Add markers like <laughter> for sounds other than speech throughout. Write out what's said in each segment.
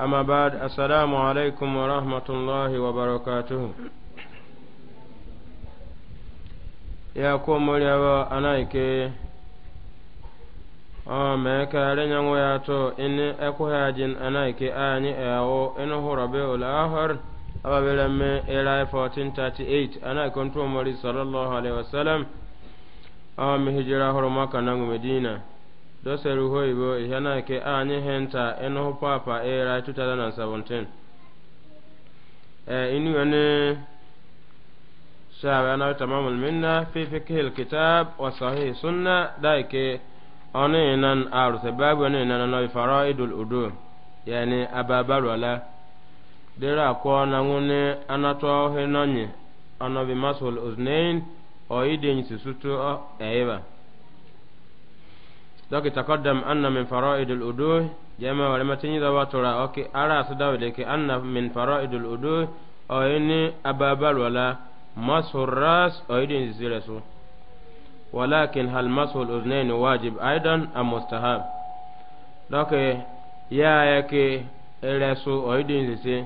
أما بعد السلام عليكم ورحمة الله وبركاته يا كوم يا أنايك أما كارن يغوياتو إن أكو هاجن أنايك آني أو إنه ربيع الآخر أبا بلما إلى 1438 أنا كنت مولي صلى الله عليه وسلم أم هجرة هرمك نغم مدينة dosere uhe oyibo ihe na a anyị henta nta papa 2017 e ee inu ne shawe na tamamul minna fi fikhil kitab wa sahih sunna daike oni nan aruse babu oni nan no udu ababaru ala dira ko na ngune anato he nonye ono bi masul uznain دوك تقدم أن من فرائد الأدوه جمع ولما تنيد وطرا أوكي أرى سداو لك أن من فرائد الأدوه أو إني أبابل ولا مسح الرأس أو إدين زيرسو ولكن هل مسح الأذنين واجب أيضا أم مستحب دوك يا يكي إرسو أو إدين زيسي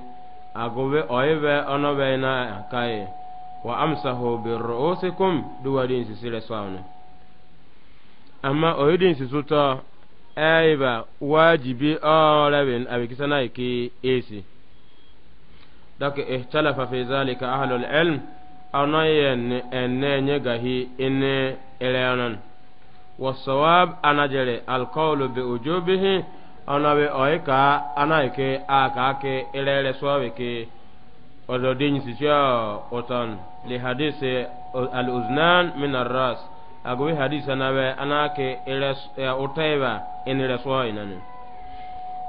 أقوي أويبي أنا بينا كاي وأمسحوا برؤوسكم دوا دين زيسي رسواني amma oyidin si suta aiba wajibi orabin abikisana ki esi daka ihtalafa fi zalika ahlul ilm anayen enne nye gahi inne ilayanan wasawab anajere alqawlu bi ujubihi anabe oika anaike akake ilere swabike ododin si sio otan li hadisi al-uznan min agobe hadisa na be anake utaiba e, in rasuwa inani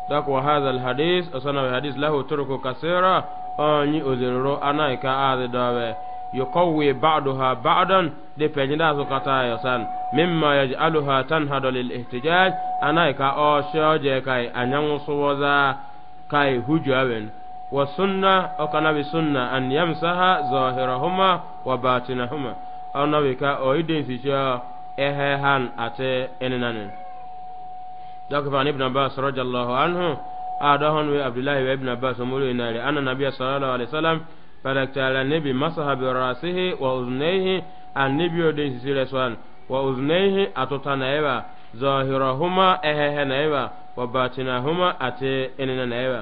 dak wa hadha al hadis asana wa hadis lahu turuku kasira onyi ozirro anaika adi dawe yuqawwi ba'daha ba'dan de penyida su kata yosan mimma yaj'aluha tanhadu lil ihtijaj anaika o shoje kai anyan suwaza kai hujawen wa sunna o kana bi sunna an yamsaha zahirahuma wa batinahuma ọ̀nà wíkà ọ̀ídé ìsìṣẹ́ ẹ̀hẹ́ han àti ẹnìnanin. dọ́kítà ní ibùdó bá sọ̀rọ̀ jàlọ́hù anhu àdọ́hùn wí abdullahi wẹ́ ibùdó bá sọmúlò ìnàrí anna nàbíyà sọ̀rọ̀ alẹ́sálàm pẹ̀lẹ́kítàlá níbi masahabi rasihi wa uzunehi anibi ọ̀dé ìsìṣẹ́ rẹ̀ sọ́n wa uzunehi àtúntà nàìbà zọ̀hìrọ̀húmà ẹ̀hẹ́hẹ́ nàìbà wa batinahuma àti ẹnìnan nàìbà.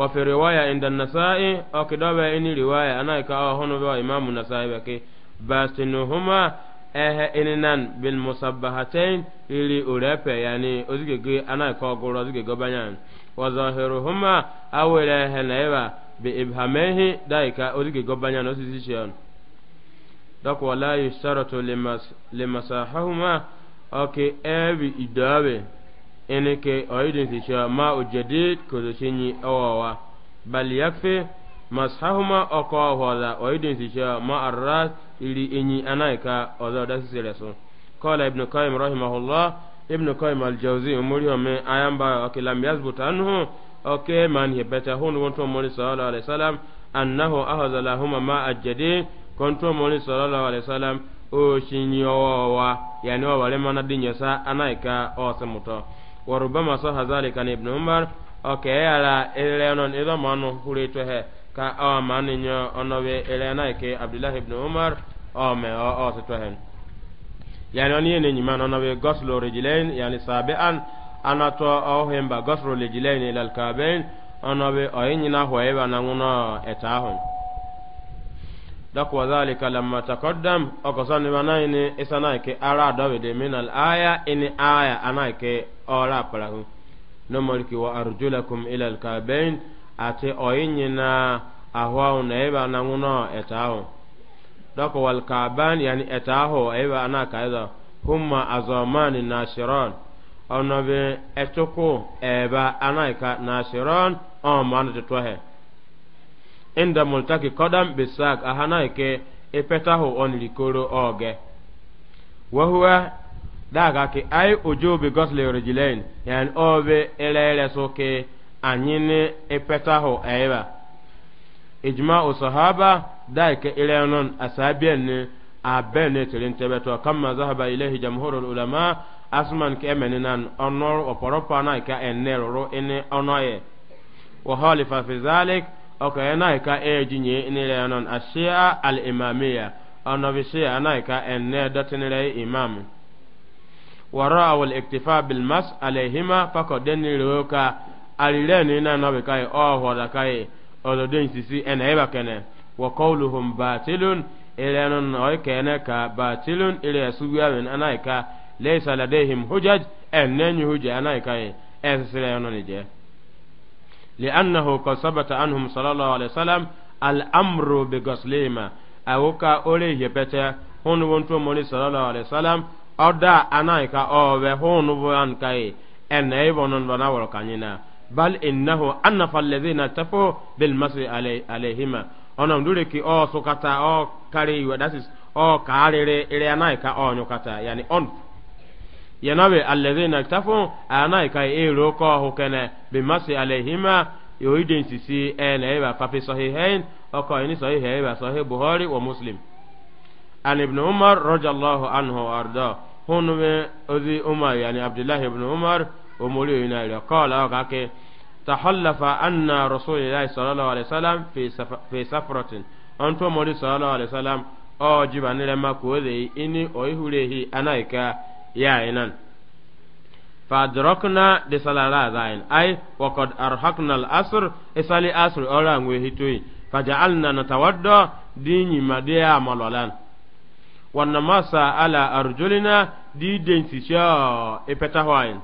وفي رواية عند النسائي أو كدابة إني رواية أنا كأهون بها إمام النسائي بكي basinuhuma ehe ininan bil musabbahatain ili urepe yani ozigege ana ko goro ozigege banyan wa zahiruhuma awele ehe naiba bi ibhamehi daika ozigege banyan ozisi shion dok wala yusharatu limas limasahuma oke ebi idabe enike oidin sisha ma ujadid kozoshinyi awawa bal yakfi mashahuma oko hoda oidin sisha ma arras ili inyi anaika odo da sisire so qala ibn qayyim rahimahullah ibn qayyim al-jawzi umuri me ayamba akilam yazbut anhu okay man hebeta hun wonto moni sallallahu alaihi wasallam annahu ahadha lahum ma ajjadi konto moni sallallahu alaihi wasallam o shinyowa yani wa wale mana dinyesa anaika osemuto warubama sahazalika ibn umar okay ala ilẹ̀nà ìdọ́mọ̀nù húrẹ́tọ́ hẹ́ẹ́ ka awa mani nyo ono be elena ke abdullah ibn umar o me o o se tohen yani oni ene nyima ono be goslo rejilain yani sabian anato o hemba goslo rejilain ila alkabain ono be o nyina hoeba na nguno etahon dak wa dhalika lamma taqaddam o kosani banaini isana ke ara dawide min al aya ini aya anake ora palahu no molki wa arjulakum ila alkabain ate oyinyi ahwaw na ebe a na nguno etaho doko wal kaban yani a eba ana kaida humma azaman nashiran ono be etoko eba anaika nashiran o man tetwahe inda multaki kodam bisak ike epetaho on likoro oge wahuwa daga ki ai ojobe gosle rejilain yani obe ele ele soke anyine ebe a. ijma'u sahaba daike ilenon asabiyan ne abin ne tirin tebeto kama zahaba ilahi jamhurul ulama asman ke emeni nan onor oporopa na ka enne roro ene onoye wa halifa fi zalik oka yana ka ejinye ine lenon ashia al imamiyya ono bi shia na ka enne datinire imam wa ra'a wal iktifa bil mas alaihima faqad deniro ka alileni na no bi kai o hoda kai ọdọdún sisi ẹnna ẹ bá kẹnẹ wọ kọluhum baatilun ilẹ̀ nun ọ̀yẹ́ kẹ́ẹ̀nẹ́ ka baatilun ilẹ̀ sugbiyawin anáyíká lẹ́yìn aladehim hujaj ẹ̀nẹ́yìn hujaj anáyíká yẹn ẹ̀ sísílẹ̀ ẹ̀ nọ́ni jẹ́. لأنه قد ثبت عنهم صلى الله عليه وسلم الأمر بغسلهما أو كأولي يبتا هون وانتو مولي صلى الله عليه وسلم أو دا أنا إكا أو هون وان كاي أن أيبون ونور كانينا bal innahu annafa alladhina tafu bil masri alayhima ona ndure ki o sukata o kare iwa that is o karere ire anai ka o nyukata yani on yanabe alladhina tafu anai ka ero ko hukene bil masri alayhima yoide nsisi ene eba fafi sahihain oko ini sahihain eba sahih buhari wa muslim an ibn umar radiyallahu anhu arda hunu ozi umar yani abdullah ibn umar omori oyin na ire kọ́ọ̀lá ọ̀ka ke tahallafa anna rasulillahi sallallahu alaihi wasallam fi safratin on to mori sallallahu alaihi wasallam o jiba nire ma ko de ini o ihurehi anaika ya inan fadrokna de salala zain ay wa qad arhaqna al asr isali asr ora ngwe hitoi faja'alna natawadda dinyi madia malolan wanna masa ala arjulina di densi sha ipeta hwain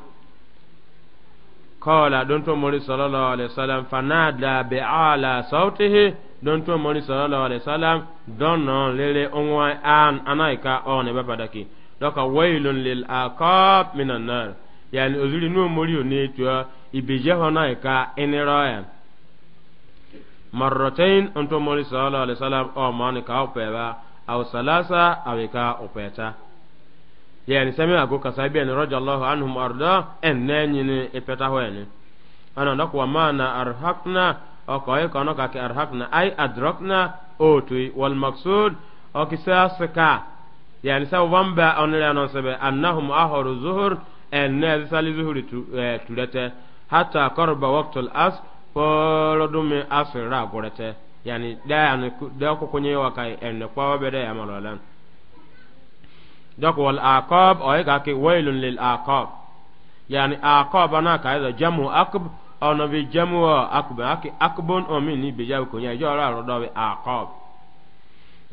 قال دونت مولى صلى الله عليه وسلم فنادى بأعلى صوته دونت مولى صلى الله عليه وسلم دون للي أنواع أن أنايكا أو نبابدكي دوكا ويل للعقاب من النار يعني أزولي نو مولي نيتوا إبجيه أنايكا إنرايا مرتين أنتم مولى صلى الله عليه وسلم أو مانكا أو بيبا أو ثلاثة أو كا أو بيتا yani sami ago kasabi en Allahu anhum arda en nanyini ipeta hoyani ana ndako wa mana arhaqna o koy kono arhakna arhaqna ay adrakna otui wal maqsud o kisasaka yani sa wamba onle anon sebe annahum ahuru zuhur en ne sali zuhuri tu, eh, tulete hatta qarba waqtul as folodumi asra gorete yani da yani da ko kunyewa kai en kwa bede amalolan dɔk wal aqab ɔye ka ke wailun lil aqab yani ana ka ida jamu akb ɔna bi jamu wa akb ake akbon o min ni bi jabu ko nyai jora ro dɔ bi aqab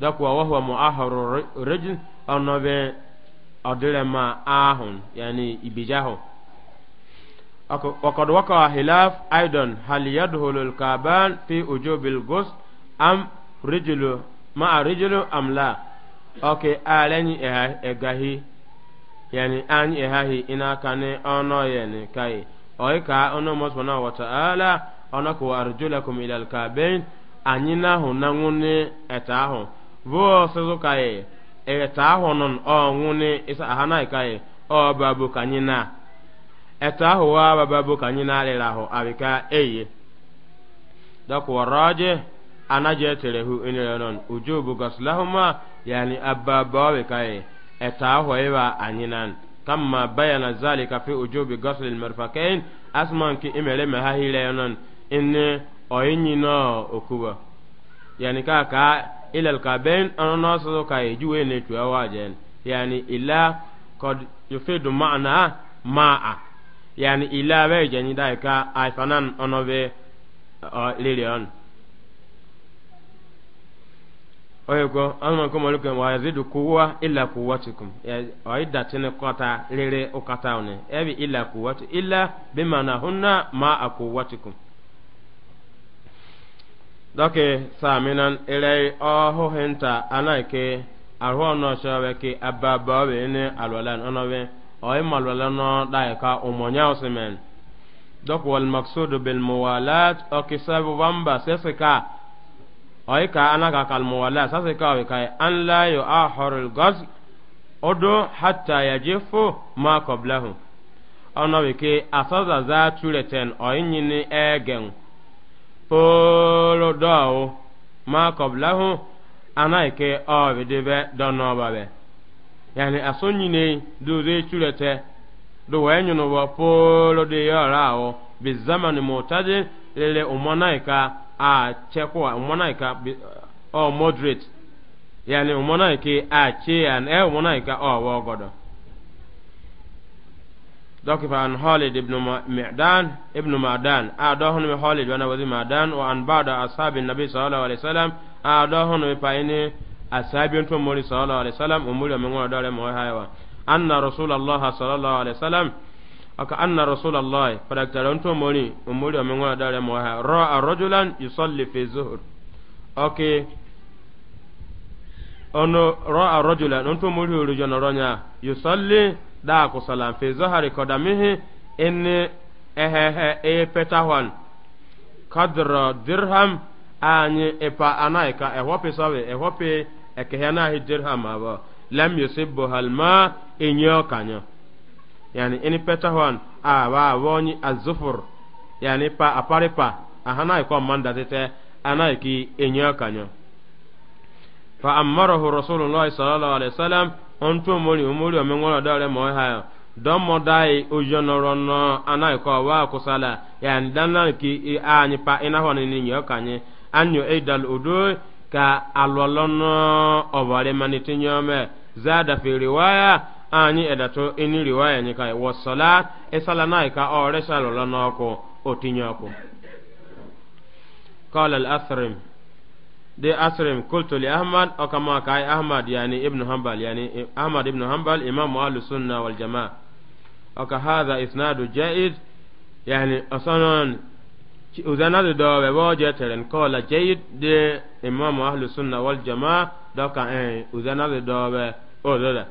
dɔk wa wahwa muaharu rijl ɔna bi ma ahun yani ibijahu وقد وقع خلاف أيضا هل يدخل الكعبان في وجوب الغسل أم رجل مع oke alenyi ya egahi yani ya ehahi ina kane ono yani na oika ono mosbana wa ta'ala ono ko arjulakum ila alkabain anyina hu na ahụ eta hu eta hu non o ngune isa ahana kai o babu kanyina eta hu wa babu kanyina lela hu abika eye anaje terehu inirenon ujubu gaslahuma yani ababawe kai etaho ewa anyinan kama bayana zalika fi ujubi gasl almirfaqain asman ki imele mahahirenon inni oyinyino okuba yani ka ka ila alkabain anana so kai juwe ne tuwajen yani ila qad yufidu ma'na ma'a yani ila wa jani dai ka aifanan onobe uh, lilion oyego anuma ko maluke wa yazidu quwwa illa quwwatukum ay datene kota lere ukata one ebi illa quwwatu illa na hunna ma aquwwatukum dɔke saaminan ilai ɔho hinta anaike arhu ɔnɔ sɔbɛ ki ababɔbe ne alwalan ɔnɔbe ɔyi malwalan ka wal maksudu bil muwalat bamba sesika oyi ka ana ka kalmu wala sase ka oyi e, an la yu ahorul gas odo hatta ya jefo ma koblahu ona wike asaza za tureten oyi nyini egen polo dawo ma koblahu ana ike e oyi debe dono babe yani aso nyini do ze turete do wa nyunu wa polo de yara o bi zamani mutadil lele umana e a chekwa umona ka o moderate yani umona ke a che an e umona ka o wo godo دوك فان خالد ابن معدان ابن معدان أعداهن من خالد وانا وذي معدان وأن بعض أصحاب النبي صلى الله عليه وسلم أعداهن من فإن أصحاب ينتم مولي صلى الله عليه وسلم ومولي من قول دولة موهايوا أن رسول الله صلى الله عليه وسلم aka anna rasulullahi fadaktara nto moni umuri o mengona dare mo ha ra'a rajulan yusalli fi zuhur okay ono ra'a rajulan nto mori o rojona ronya yusalli da ko salam fi zuhari kodamihi inni ehehe e petahwan kadra dirham anyi ipa anaika ehope sawe ehope ekehena hi dirham aba lam yusibbu halma inyo kanyo yani ini peta hon a wa woni azufur yani pa pa ahana ko manda tete ana ki enyo kanyo fa amarahu rasulullah sallallahu alaihi wasallam onto mori umuri o mengola dare mo ha don mo dai ojonoro no ana ko wa kusala yani danna ki anyi pa ina hon ni nyo kanyo anyo eidal udu ka alwalono obare manitinyo me zada fi riwaya anyị edato eni riwaya nyika wasalat isala naika ọ resalola n'ọkụ otinye ọkụ قال الأثرم دي أثرم قلت لأحمد أو كما كاي أحمد يعني ابن حنبل يعني أحمد ابن حنبل إمام أهل السنة والجماعة أو هذا إسناد جيد يعني أصلا وزنا دو بوجه ترن قال جيد دي إمام أهل السنة والجماعة دوكا إيه وزنا دو بوجه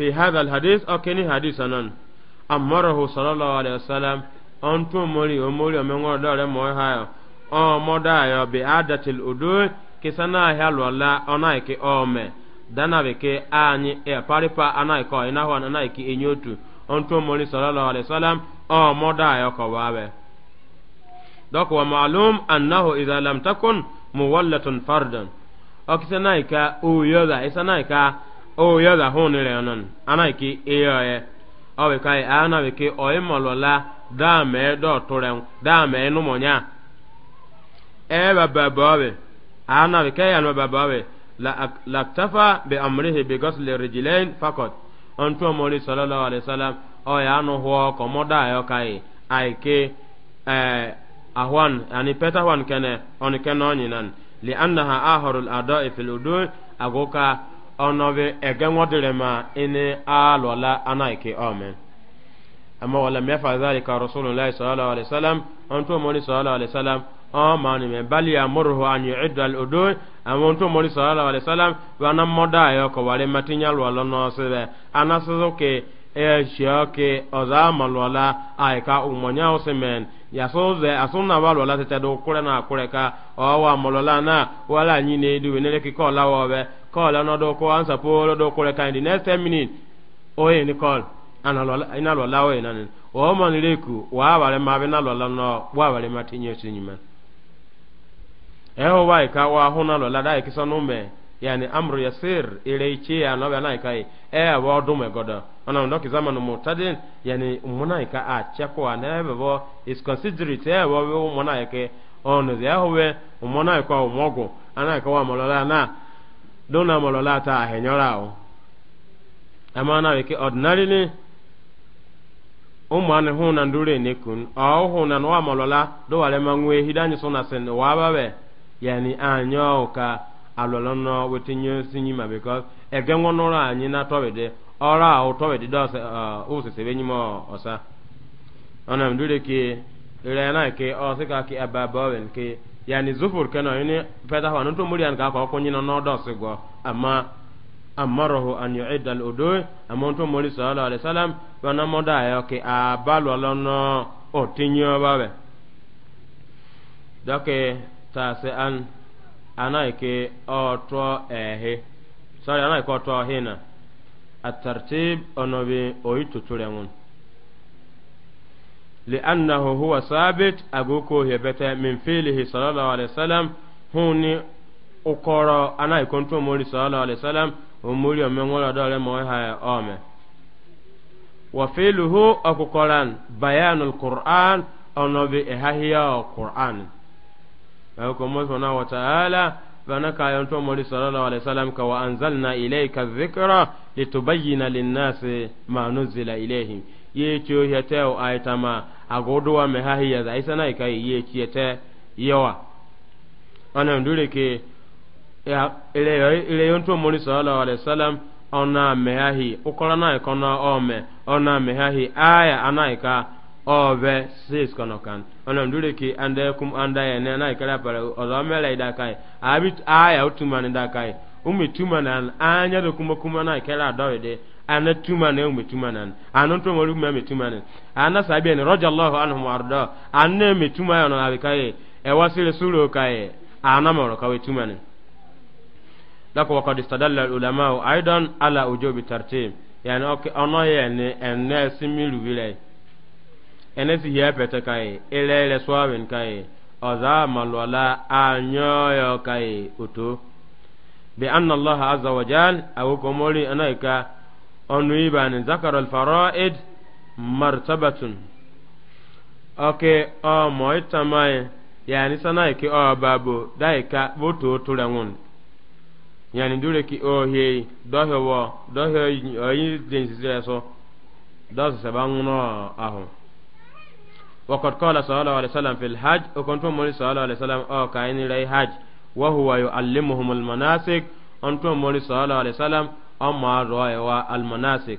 في هذا الحديث أو كني حديثنا أمره صلى الله عليه وسلم أن تمولي أمولي من غير دار موهاي أو مدايا بإعادة الأدوء كسنا هل ولا أنايك أومي dana beke anyi e paripa anai ko ina ho anai ki enyotu onto moli sallallahu alaihi wasallam o moda ya ko wabe dok wa ma'lum annahu idha lam takun muwallatun fardan o kisana ka o yoda isana ka o ya da hon le anan ana ki e ya e o be kai ana be ki o imo e lola da me do tore da me e nu monya e ba ba ba be ana be kai ana ba ba be la laktafa bi amrihi bi ghusl rijlain faqat antu mawli sallallahu alaihi wasallam o ya anu ho ko moda yo e kai ai ke eh ahwan ani peta hwan kene on kene onyinan li annaha ahurul ada'i fil udu agoka onobe egenwodirema ini alwala anaike omen amma wala mefa zalika rasulullahi sallallahu alaihi wasallam onto moni sallallahu alaihi wasallam o mani me bali amurhu an yu'idda al udu amma onto moni sallallahu alaihi wasallam wana moda yo ko wale matinya lwala no sebe anasoke e shioke oza malwala aika umonya osemen yasoze asuna balu ala tete do kure na kure ka owa molola na wala nyi ne du ne ki call la wobe call no do ko ansa polo do kure ka in next 10 minutes oye ni call analola ina lola we na ni o ma ni leku wa bare ma be na lola no wa bare ma tinye chinyima eho wa ka wa hu na lola dai kisanu me yani amru yasir ilayci ya no bana kai e wo do me godo ona ndo kizama no mutadin yani umuna ka a cheko ana be bo is considerate e wo wo muna ke ono ze ahwe muna ka o mogo ana ka wa molola na do na molola ta henyora o amana ke ordinarily ụmụ anụ hụ na ndure nekun ọ hụ na nwa malola dọwara ma nwee hidanyi so na sen wa babe yani anyo ka alọlọ nọ wetin nye sinyi ma because ege ngọnọrọ anyị na tọbede ọrụ a ụtọbede dị osese uh, be nyima ọsa ọna m dure ke ire na ke ọsị ka ke ebe abụọ wen ke ya ni zufur ke nọ ni peta hwa nụtụ muri ka aka ọkwụnye nọ n'ọdọ ọsị gọ ama amarahu an yu'idda al-udu amma to mori sallallahu alaihi wasallam wa na moda ya ke abalu lono otinyo babe dake ta se an anaike ọtọ ehe sorry anaike ọtọ hina atartib onobi oyi tuture ngun li'annahu huwa sabit agoko hebete min fi'lihi sallallahu alaihi wasallam huni ukoro anaike onto mori sallallahu alaihi wasallam omori omenwora dole mo ha ome wa fi'luhu akukoran bayanul qur'an onobi ehahiya qur'an ko mo sona wa ta'ala bana ka yon to mo sallallahu alaihi wasallam ka wa anzalna ilayka dhikra litubayyana lin-nasi ma nuzila ilayhim ye cho yete o aitama agodo wa mehahiya za ikai ye chiete yawa ana ndure ke ile ile yon to mo wasallam ona mehahi ukora ikona ome ona mehahi aya anaika ove sis kono kan ono ndure ki ande kum anda ye ne na ikara para ozo mele ida kai abit aya utuma ne da kai umi tuma nan anya do kuma kuma na ikara dawe de ana tuma ne umi tuma nan anon to moru me tuma nan ana sabi ne radiyallahu anhum arda anne me tuma ya no abi kai e wasile suro kai ana moro kai tuma ne lako waqad istadalla al ulama aidan ala ujubi tartib yani okay ono ye ne enne similu bilai enesi ya pete kai ile ile swawin kai oza malwala anyoyo kai uto bi anna allah azza wa jal awu komori anaika onu ibani zakara al faraid martabatun okay o moitamai yani sana o ya daika boto tulangun yani dure ki o he dohewo dohe oyi jinsi so dosu sabanguno ahun وقد قال صلى الله عليه وسلم في الحج وكنتم مولي صلى الله عليه وسلم أو كاين لي حج وهو يعلمهم المناسك أنتم مولي صلى الله عليه وسلم أما رأي المناسك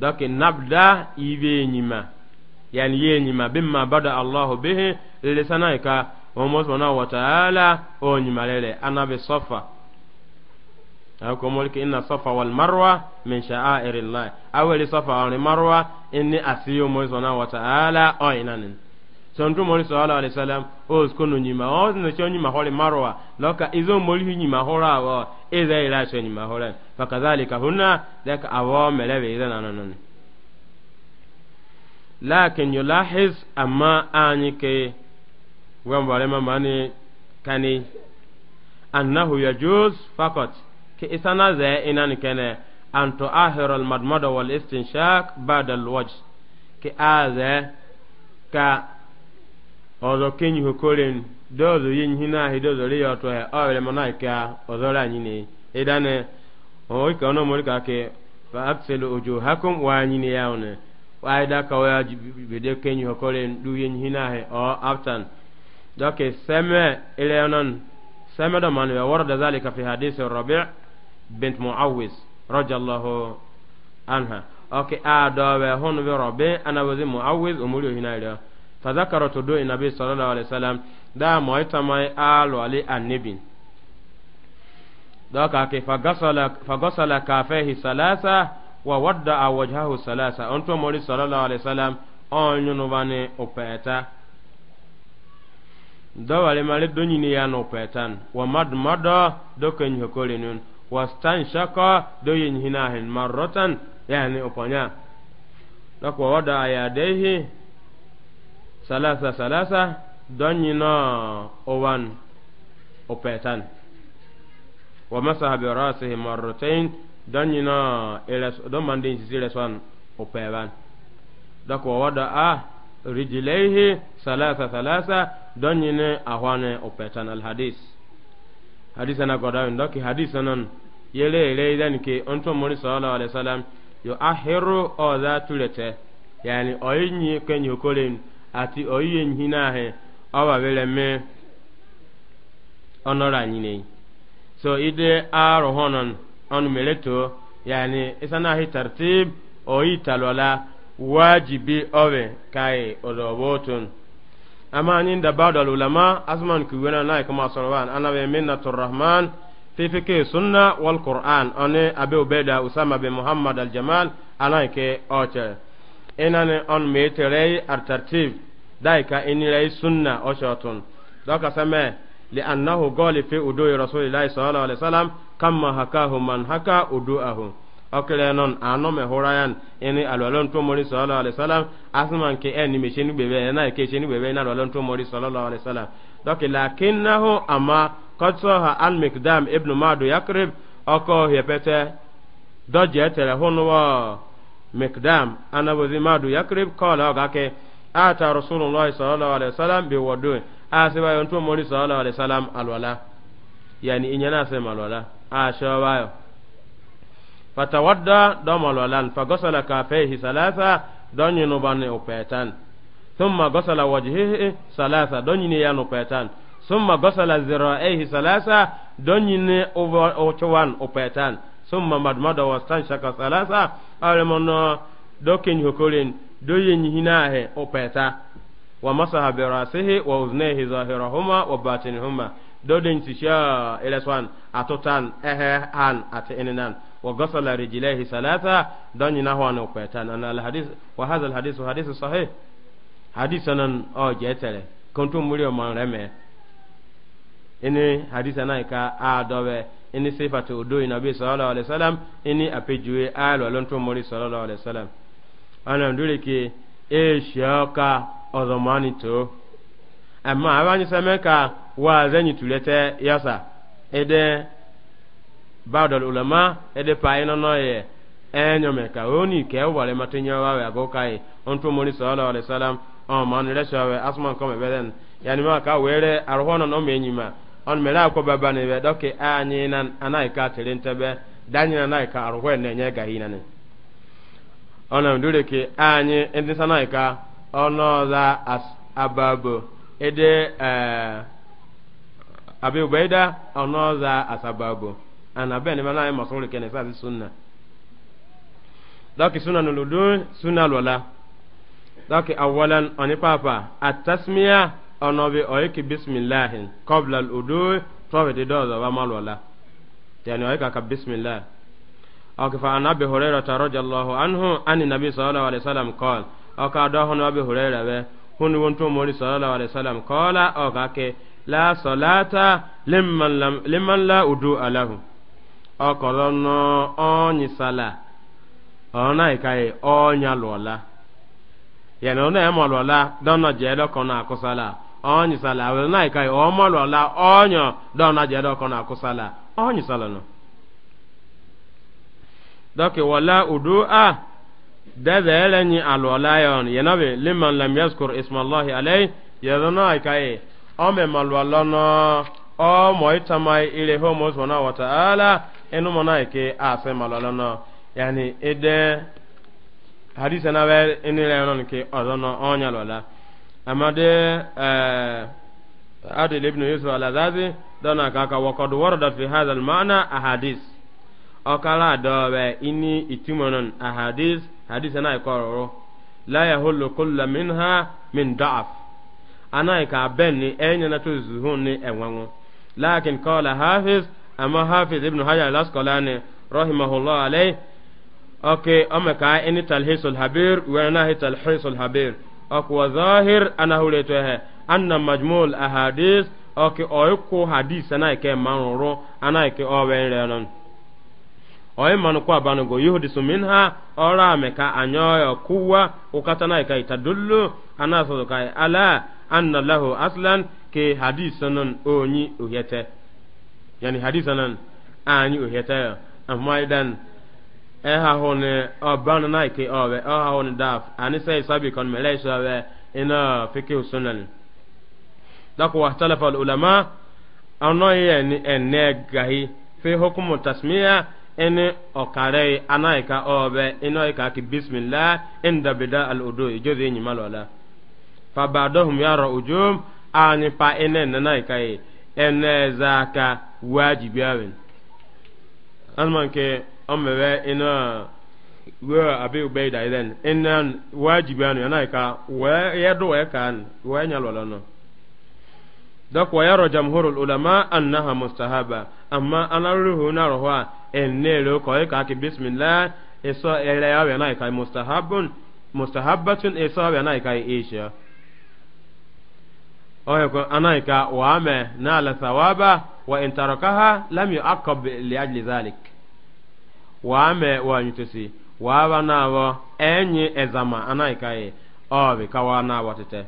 دوك نبدأ يبينيما يعني ينيما بما بدأ الله به لسانيك ومسونا وتعالى ونيما ليلي أنا بالصفة akomolike inna safa wal marwa min sha'airillah aweli safa wal marwa inni asiyo mo sona wa ta'ala o oh, inanin sontu mo sallallahu alaihi wasallam o oh, skonu nyima o no cho nyima hol marwa loka izo mo li nyima hora wa oh, eza ila cho nyima hora fa kadhalika hunna dak awo melewe ida nanon lakin yulahiz amma anike wambare mamani kani annahu yajuz faqat ke isana zɛ ina ni kɛnɛ an to ahira almadmada wal istinshaq ba'da alwajh ke a zɛ ka ɔzɔ kenyi hokoren dɔzɔ yin hina hi dɔzɔ ri yɔtɔ hɛ ɔyɛlɛ mana ka ɔzɔ ra nyine idane ɔyɛ ka ɔnɔ mori ka ke fa akselu ujuhakum wa nyine yawne wa ida ka wa bide kenyi hokoren du yin hina hɛ ɔ aftan donc sɛmɛ ilɛ nan sɛmɛ dɔ man wɛ wɔrɔ zalika fi hadisi rabi' bint muawis rajallahu anha ok a dowe hun bi robe ana wazi muawis umuri hina ila fa zakara to do nabi sallallahu alaihi wasallam da moita mai alu ali annabi doka ke fagasala fagasala kafehi salasa wa wadda wajhahu salasa onto mori sallallahu alaihi wasallam on yunu bani upeta dawale male donyini ya no petan wa mad mada dokenyo kolinun wastanshaka doyin hinahin marrotan yani uponya lakwa wada ayadehi salasa salasa donyino owan opetan wa masaha bi rasihi marratain donyino iles don mandin sisiles wan opeban dakwa wada a rijilaihi salasa salasa donyine ahwane opetan alhadis hadisa na goda ndo ki hadisa non yele yele idan ke onto mori sallallahu alaihi wasallam yo ahiru o za tulete yani oyinyi kenyo kolen ati oyiyenyi na he awa bele me onora nyine so ide aro honon on meleto yani isana hi tartib oyi talola wajibi owe kai odobotun amma anin da ba'd al ulama asman ku wena na kuma sarwan ana be minnatur rahman fi fiqh sunna wal qur'an ane abe ubeda usama bin muhammad al jamal ana ke oche enane on metere ar tartib daika inire sunna oshotun doka same li annahu qali fi udui rasulillahi sallallahu alaihi wasallam kama hakahu man haka uduahu okele non ano me horayan eni alwalon to mori sallallahu alaihi wasallam asman ke eni me sheni bebe na ke sheni bebe na alwalon to mori sallallahu alaihi wasallam donc lakinnahu ama qad saha al miqdam ibn madu yakrib oko yepete doje tere hunwa miqdam ana bozi madu yakrib qala gake ata rasulullah sallallahu alaihi wasallam bi wadu asiba yon to mori sallallahu alaihi wasallam alwala yani inyana sema alwala a fatawadda domalolan fagosala kafehi salasa donyinu bani upetan thumma gosala wajhihi salasa donyini yanu upetan thumma gosala ziraihi salasa donyini uchuwan upetan thumma madmada wastan shaka salasa alimono dokin hukulin doyinyihinahe upeta wa masaha birasihi wa uznaihi zahirahuma wa batinihuma dodin sisha ileswan atutan ehe han ati ininan wa ghasala rijlaihi salasa dan yana hawa na kwaitan an al hadith wa hadha al hadith hadith sahih hadisanan o jetere kontum muriyo man reme ini hadisa na ka a dobe ini sifatu udoi nabi sallallahu alaihi wasallam ini apejuwe alo lonto muri sallallahu alaihi wasallam ana ndure ke e shaka odomani to amma abani sameka wa zanyi tulete yasa ede badal ulama ede paino noye enyome ka oni ke wale matinya wawe agokai onto moni sallallahu alaihi wasallam o man reshawe asman kome beden yani ma ka were arhono no menyima on mera ko baba ne be doke anyi nan anai ka terentebe danyi nan anai ka arho ne nye gahina ne ona ndure ke anyi endi sanai ka ono za as ababu ede eh abi ubaida ono za asababu ana bẹ́ẹ̀ ni bá náà yẹ mọ̀sọ́rọ̀ rẹ̀ kẹ́ni sáàsì súnà dọ́kì súnà nù lòdó súnà lọ́la dọ́kì awọ́lá ọ̀ní pàápà àtàsímíà ọ̀nà bí ọ̀yẹ́kì bísmìláhìn kọ́bìlà lòdó tọ́fẹ̀tì dọ́ọ̀dọ̀ bá má lọ́la yẹni ọ̀yẹ́kà ka bísmìláhìn ọkìfà anábì hùrẹ́rẹ́ tààrọ́ jàlọ́hù anhu ani nàbí sọ́ọ́lá wàlẹ̀ sálàm kọ́ọ̀l ọkà dọ́hùn wàbí hùrẹ́rẹ́ bẹ́ hún wọn tó mọ́rí sọ́ọ́lá wàlẹ̀ sálàm kọ́ọ̀lá ọkà kẹ́ la sọ́láta limanla udu alahu. ọkọrọ n'ọnyịsala ọnaịkaị ọnya lụọla ya na ọna ịma lụọla dọna jeedo kọ na akụsala ọnyịsala awere naịkaị ọma lụọla ọnyọ dọna jeedo kọ na akụsala ọnyịsala nọ dọkị wala udu a dẹbẹ ẹlẹnyi alụọla ya ọnụ ya nabe liman lam yaskur ismallahi alai ya dọna ịkaị ọmị ma lụọla nọ ọmọ ịtamai ire homo na wa ala. enu mona ke ase malala no yani ede hadisa na wel enire non ke odono onya lola amade eh adil ibn yusuf al-azazi dona kaka wa qad warada fi hadha al a ahadith okala dobe ini itumonon ahadith hadisa na ikororo holo kola kullu ha min da'af anaika ni enya na tuzuhun ni enwanwo lakin ha hafiz amma hafiz ibn hajar al-asqalani rahimahullah alayhi okay amma ka ini talhisul habir wa nahi talhisul habir ok wa zahir anahu letuhe anna majmul ahadith ok oyko hadith ana ke manro ana ke owen renon oyi manu kwa banu go yuhdisu minha ora ameka anyoyo kuwa ukata na ka itadullu ana kai ala anna lahu aslan ke hadith onyi uhete yani hadisa nan ani uheta amma idan e ha hone o ban na ke o we o ha hone daf ani sai sabi kon mele so we ina fiki sunan dako wa talafa al ulama anno ye ni enne gahi fi hukmu tasmiya ene okare anaika obe ino ka ki bismillah inda bida al udu ijozi nyi malola fa ba'dahum yara ujum ani pa ene nanaika ene zaka wajibi awen alman ke amebe ina we abi ubeida idan ina wajibi anu yana ka we yedo we kan we nyalolo no dok wa yaro jamhurul ulama ha mustahaba amma anaruhu na rohwa ennelo ko ka ki bismillah eso ele ya yana ka mustahabun mustahabbatun eso yana ka isha oyo ko anaika wa ame na la thawaba wa in tarakaha lam yu'aqqab li ajli dhalik wa ma wa nyutusi wa bana wa enyi ezama anaikai obi kawa na watete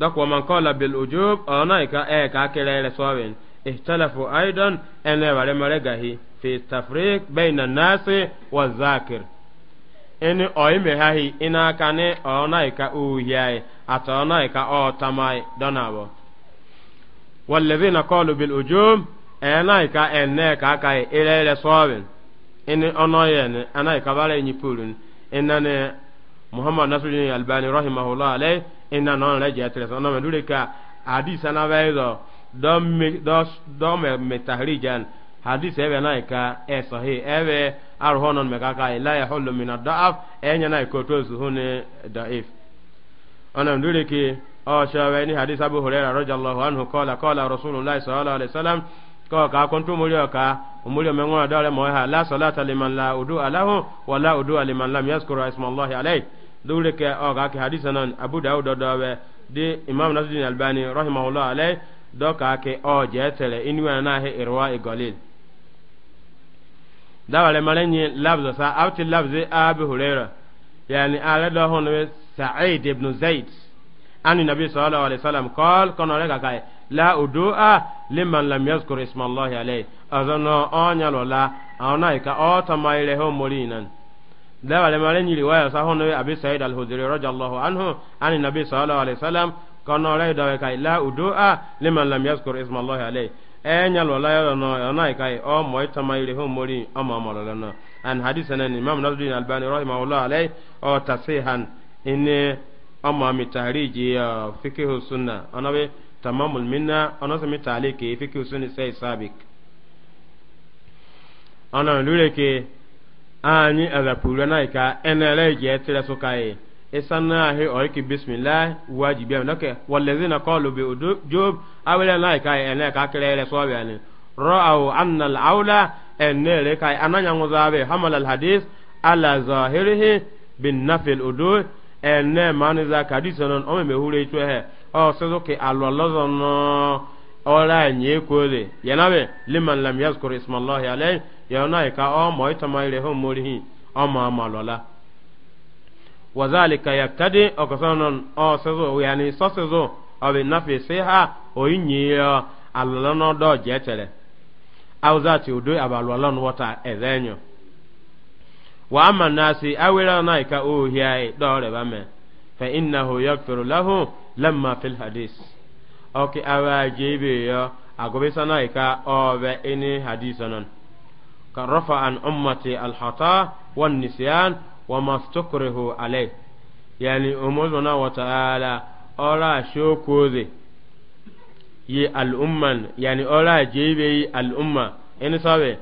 dak wa man qala bil ujub anaika e ka kelele sawin ihtalafu aidan ene wale maregahi fi tafriq baina an-nas wa dhakir eni oime hahi ina kane onaika uhiai ata onaika otamai donabo والذين قالوا بالأجوم أنايكا أنايكا كاي إلى إلى صوابين إن أنايين أنايكا بالي نيبولون إنني محمد نصر الدين الباني رحمه الله عليه إن أنا رجع ترس أنا من دولك حديث أنا بعيدا دم دم دم متحرجان حديث أبي أنايكا إسهي أبي أرهون مكاكا لا يحل من الضعف أني أنايكو توزهون ضعيف أنا من دولك ọ̀ṣọ́wẹ́ni hadith abu huraira rọ́jàlọ́hu anhu kọ́lá kọ́lá rasulillah sallallahu alayhi wa sallam kọ́ ka kuntu muri ọ̀ka muri ọmọ ẹ̀wọ̀n ọ̀dọ́ rẹ̀ mọ́ ha lásọ̀lá taliman la udu aláhùn wàlá udu aliman lam yaskuru ismallahi alayhi lórí kẹ ọ̀ka kí hadith nan abu dawud dọ́dọ́ di imam nasuddin albani rahimahullah alayhi dọ́ka kí ọ̀ jẹ́ inú ẹ̀ náà hi irwa igolil. dawale malenyi labza sa awti labzi abu huraira yani ala dɔhun sa'id ibn zayd ani nabi sallallahu alaihi wasallam qal kono rega kay la udua liman lam yazkur isma allah alayhi azana onya lola ona ka ota maile ho molinan da wale mare ni riwaya sa hono abi sa'id al-hudri radiyallahu anhu ani nabi sallallahu alaihi wasallam kono rega da kay la udua liman lam yazkur isma allah alayhi enya lola yo no ona ka e, o moita maile ho moli ama molola no an hadithana imam nasruddin albani rahimahullah alayhi o tasihan inni amma mi tahriji ya uh, fikihu sunna ana be tamamul minna ana sami taliki fikihu sunni sai sabik ana lure ke anyi azapura e. na ka enere je tire so kai isanna ahi oiki bismillah wajibi am nake wallazina qalu bi job awela na ka ene ka kire so bi ani ra'aw anna al-aula enere kai ananya nguzabe hamal al-hadith ala zahirihi bin nafil udu ene maniza kadisonon ome mehure itwe he o sezo ke alwalozo no ola nye kole yanabe liman lam yazkur isma allah alayhi yana e ka o mo itama ile ho morihi o ma yaktadi o o yani so o be nafi o do awzati udu ezenyo wa ama nasi awira na ka o hiai dore ba me fa innahu yaghfiru lahu lamma fil hadis oke awa jebe yo agobe sana ka o be ini hadisanan ka rafa an ummati al khata wan nisyan wa mastukrihu alay yani umuzuna wa ta'ala ora shokoze yi al yani ora jebe yi al umma sabe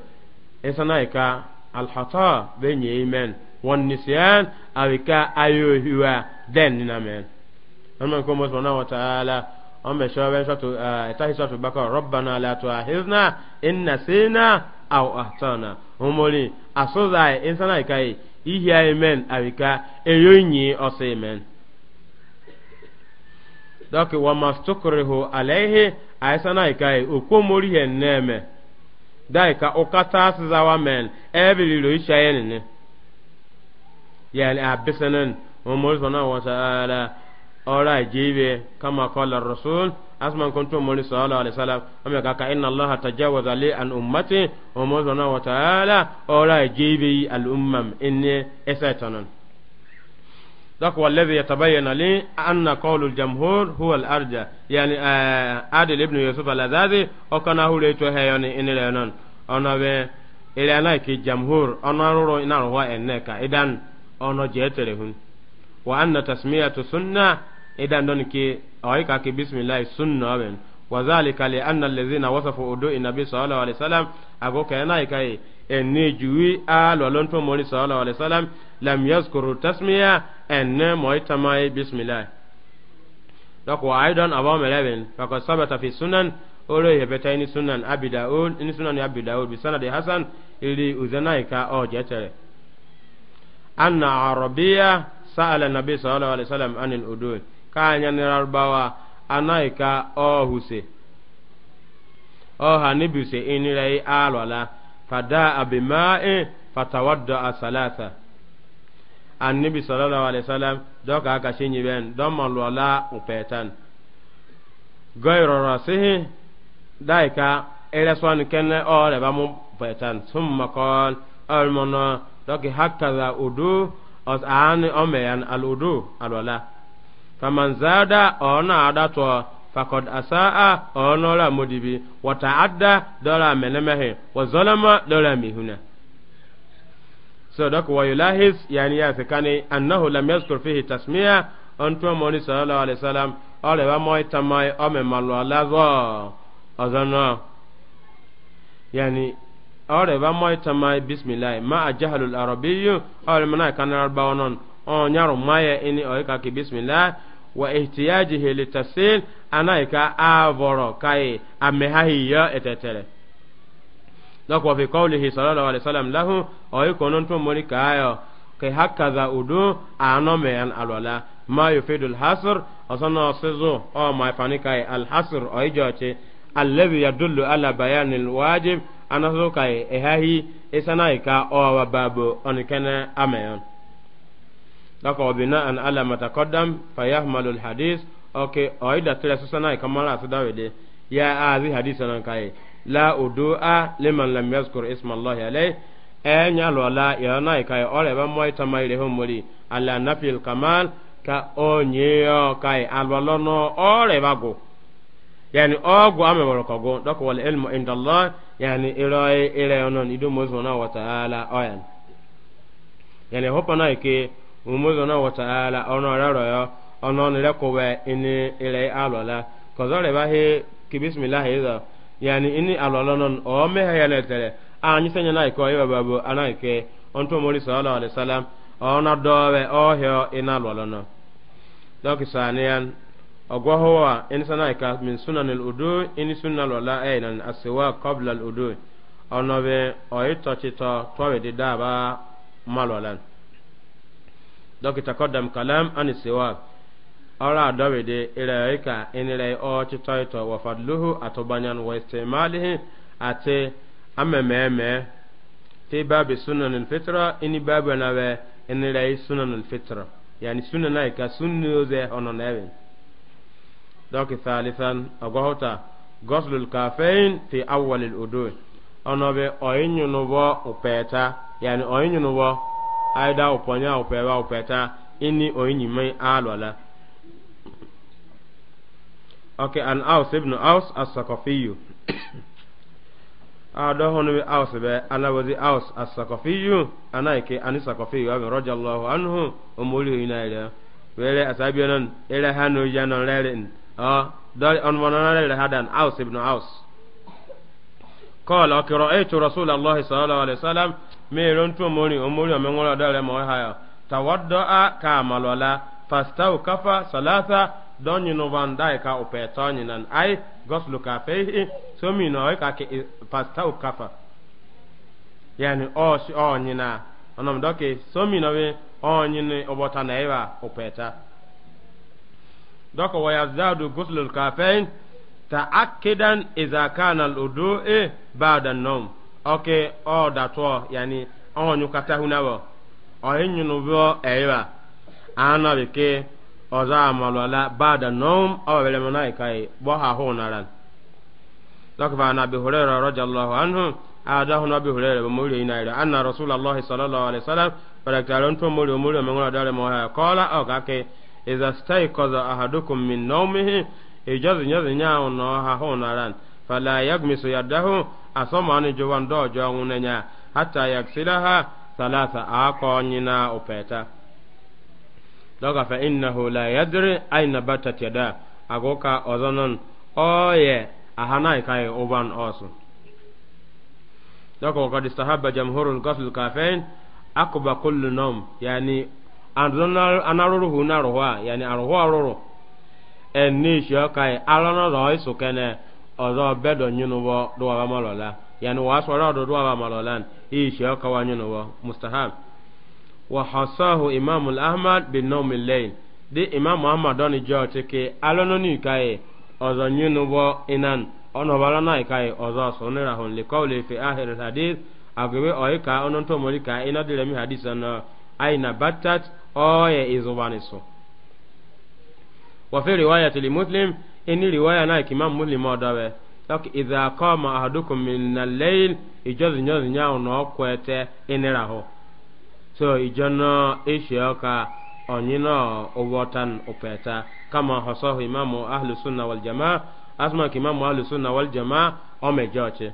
esana ka alhata benye imen wan nisyan awika ayohiwa den nina men amma ko mo subhanahu wa ta'ala amma shawe shatu uh, tahi shatu baka rabbana la tu'akhizna in nasina aw ahtana umuli asoza insana kai ihia imen awika eyonyi ose amen. doki wa mastukrihu alayhi aisana kai okomori henneme daika okata sizawa men ebili lo ishaye ne yani abisanan ah, umar subhanahu wa ta'ala ora jibe kama qala rasul asman kuntu muni sallallahu alaihi wasallam amma kaka inna allah tajawaza li an ummati umar subhanahu wa ta'ala ora jibe al ummam inni esatanan ذاك والذي يتبين لي أن قول الجمهور هو الأرجى يعني آه عادل ابن يوسف الأذاذي وكان هو ليتو هيوني إن لأنان أنا بي إلى نايك الجمهور أنا رورو إن هو إنك إذن أنا جيترهن وأن تسمية سنة إذن دونك أويكاك بسم الله سنة أبن وذلك لأن الذين وصفوا أدوء النبي صلى الله عليه وسلم أقول كأنايك إني جوي آل ولنتم مولي صلى الله عليه وسلم lam yaskuru tasmiya enne moy tamay bismillah dako aidan abaw meleben fako sabata fi sunan olo yebetaini sunan abi daud ini sunan abi daud bi sanadi hasan ili uzanaika o jetere anna arabiya sa'ala nabi sallallahu alaihi wasallam anil udul kanya nirarbawa anaika o huse o hanibuse inirei alwala fada abima'in fatawadda salata annabi sallallahu alaihi wasallam do ka ka shin yiben don malwala upetan gairo rasihi daika ere swan kenne ore ba mu upetan summa qal almana do ki hakaza udu as an omeyan al udu alwala faman zada ona adato fakod asaa ona la modibi wa ta'adda dola menemehe wa zalama dola mihuna so dok wa yulahis yani ya sekani annahu lam yazkur fihi tasmiya onto moni sallallahu alaihi wasallam ole wa moy tamai o me malu alago azana yani ole wa moy tamai bismillah ma ajahalul arabiyyu ole mana kan arbaonon on nyaro maye ini o ka ki bismillah wa ihtiyajihi litasil anaika avoro kai amehahiya etetere dɔk wa fi kɔwlihi sallallahu alaihi wasallam lahu ɔyi kɔnɔn tun mori kaayo ke hakaza udu anɔ mɛyan alwala ma yufidu alhasr ɔsɔnɔ sizu ɔ ma fani kai alhasr ɔyi jɔɔci alladhi yadullu ala bayani alwajib anaso kai ehahi isana ika ɔwa babu ɔnikɛnɛ amɛyan dɔk wa bina an ala matakɔdam fayahmalu alhadis ɔke ɔyi datire la udua liman lam yazkur isma allahi E enya lola yana ikai ore ba moy tamaire ho mori ala nafil kamal ka onye yo kai alwalo no ore bago yani ogu amemoro kogo doko wal ilmu inda allah yani iroi ire onon idu mozona wa taala oyan yani hopa na ike mozona wa taala ono raro yo ono nire kowe ini ire alwala kozore ba he kibismillah izo yani ini alwala non o me ha yana tere anyi sanya na ko e babo anake onto mori sallallahu alaihi wasallam ona dowe ohio ina alwala non donc saniyan ogwa huwa in sana ka min sunanil udu in sunnal wala e eh, nan aswa qabla al udu ona be o ito chito towe de daba malwalan donc taqaddam kalam an siwak ora dawede ilaika inire o chitoito wa fadluhu atubanyan wa istimalihi amememe fi babi sunan fitra ini babu na we inire sunan fitra yani sunan aika sunnu ze ono newe doki thalithan agohota goslul kafein fi awwal al udu ono be upeta yani oyinyunubo aida uponya upewa upeta ini oyinyimai alwala okay an aus ibn aus as-saqafiyu ado hono be aus be ana wazi aus as-saqafiyu ana ke ani saqafiyu abi radiyallahu anhu umuli ina ila wele asabiyo non ila hanu yanon lele a dal on monana lele hadan aus ibn aus قال قرأت رسول الله صلى الله عليه وسلم ميرون توموني أموري أموري أدار موهايا تودع كامل ولا فاستوكف ثلاثة don yi no ban dai ka o peto nan ai goslu ka fe so mi no e ka ke pasta o kafa yani o si o ni na onom doke so mi no we o ni ni obota na ewa o peta doko wa yazadu goslu ka fe ta'akkidan idza kana al-udu e ba'da an-nawm okay o datwa yani o nyukata hunawo o hinyunu e bo ewa ana bike ọzọ amalwala bada nom awabele mana ikai boha ho naran lakva na bi hurera radiyallahu anhu adahu na bi hurera bi muri inaira anna rasulullahi sallallahu alaihi wasallam baraktaron to muri muri me ngora dare mo ha kola o oh, kake iza stay kaza ahadukum min nawmihi ijazi nyazi nyao no ha ho naran fala yagmisu yadahu asoma ni jowan do jo ngunenya hatta yaksilaha salasa akonyina upeta daga fa innahu la yadri aina batat yada agoka ozonon oye ahana kai oban osu daga qad istahaba jamhurul ghusl kafain akba kullu nawm yani anzonar anaruru huna ruwa yani aruhu aruru enni shokai alana roisu kene ozo bedo nyunuwo duwa malola yani wasora do duwa malolan ishi okawa nyunuwo mustahab wa hasahu imam ahmad bin nawm al di de imam ahmad don jo tike alono ni kai ozo nyinu bo inan ono bala na kai ozo so ne rahon li qawli hadith agwe oy ka onon to mori ka ina dire mi hadith na aina battat oye izubani so wa fi riwayat li muslim ini riwaya na imam muslim odawe tak idha qama ahadukum min al-layl ijazi nyazi nyao no kwete iniraho so ijono ishiyoka onyino uwotan upeta kama hosohu imamu ahlu sunna wal jamaa asma kimamu ahlu sunna wal jamaa omejoche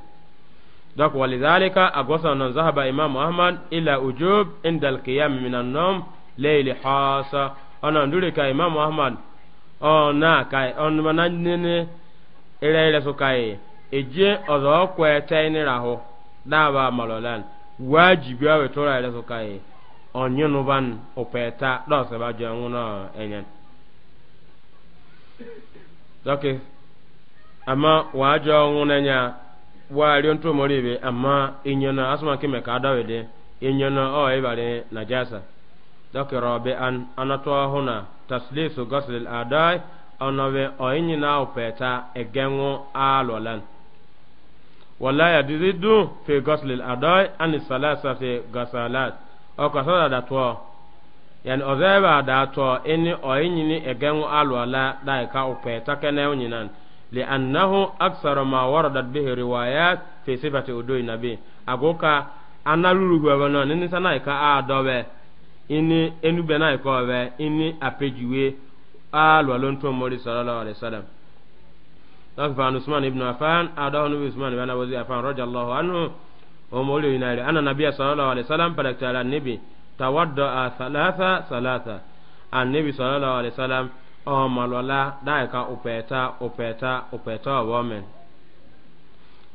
dok walidhalika agwasa non zahaba imamu ahmad ila ujub inda alqiyam min annom leili hasa ona nduri ka imamu ahmad ona kai on mananini ire ire su kai eje ozo kwete ni raho daba malolan wajibi awe tora ire su kai onyenuban upeta dọsaba jọnwụ na enyen dọkị amma waa jọnwụ na nya waa rion to mori be amma inyona asuma kime ka dawede inyona o ibare najasa dọkị robe an anato huna taslisu ghusl al adai onobe oyinyi na upeta egenwu alolan wala yadidu fi ghusl al adai an salasati ghasalat ọkọsọdọ dàtọ yani ọzọba dàtọ ẹni ọyìnyini ẹgẹnwó alùwàlá dàìka ọpẹ takẹnẹ ọnyinan lè anahu aksaro ma wọrọ dàbíhi riwaya fèsì bàtì odò ìnàbí àgùkà analulu gbẹbẹ náà ní nísà náà ìka àdọbẹ ẹni ẹnubẹ náà ìka ọbẹ ẹni apẹjuwe alùwàlá ntòmọdé sọlọlọ ọlẹsọlọm. lọ́kùnfà nusman ibn afan usman ibn afan o mawli yinare anna nabiyya sallallahu alaihi wasallam padaktala nibi tawadda a salasa salasa annabi sallallahu alaihi wasallam o oh, malwala daika upeta upeta upeta wa men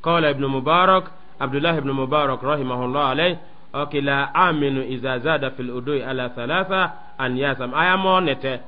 qala ibn mubarak abdullah ibn mubarak rahimahullah alaihi okila aminu iza zada fil udui ala salasa an yasam ayamo nete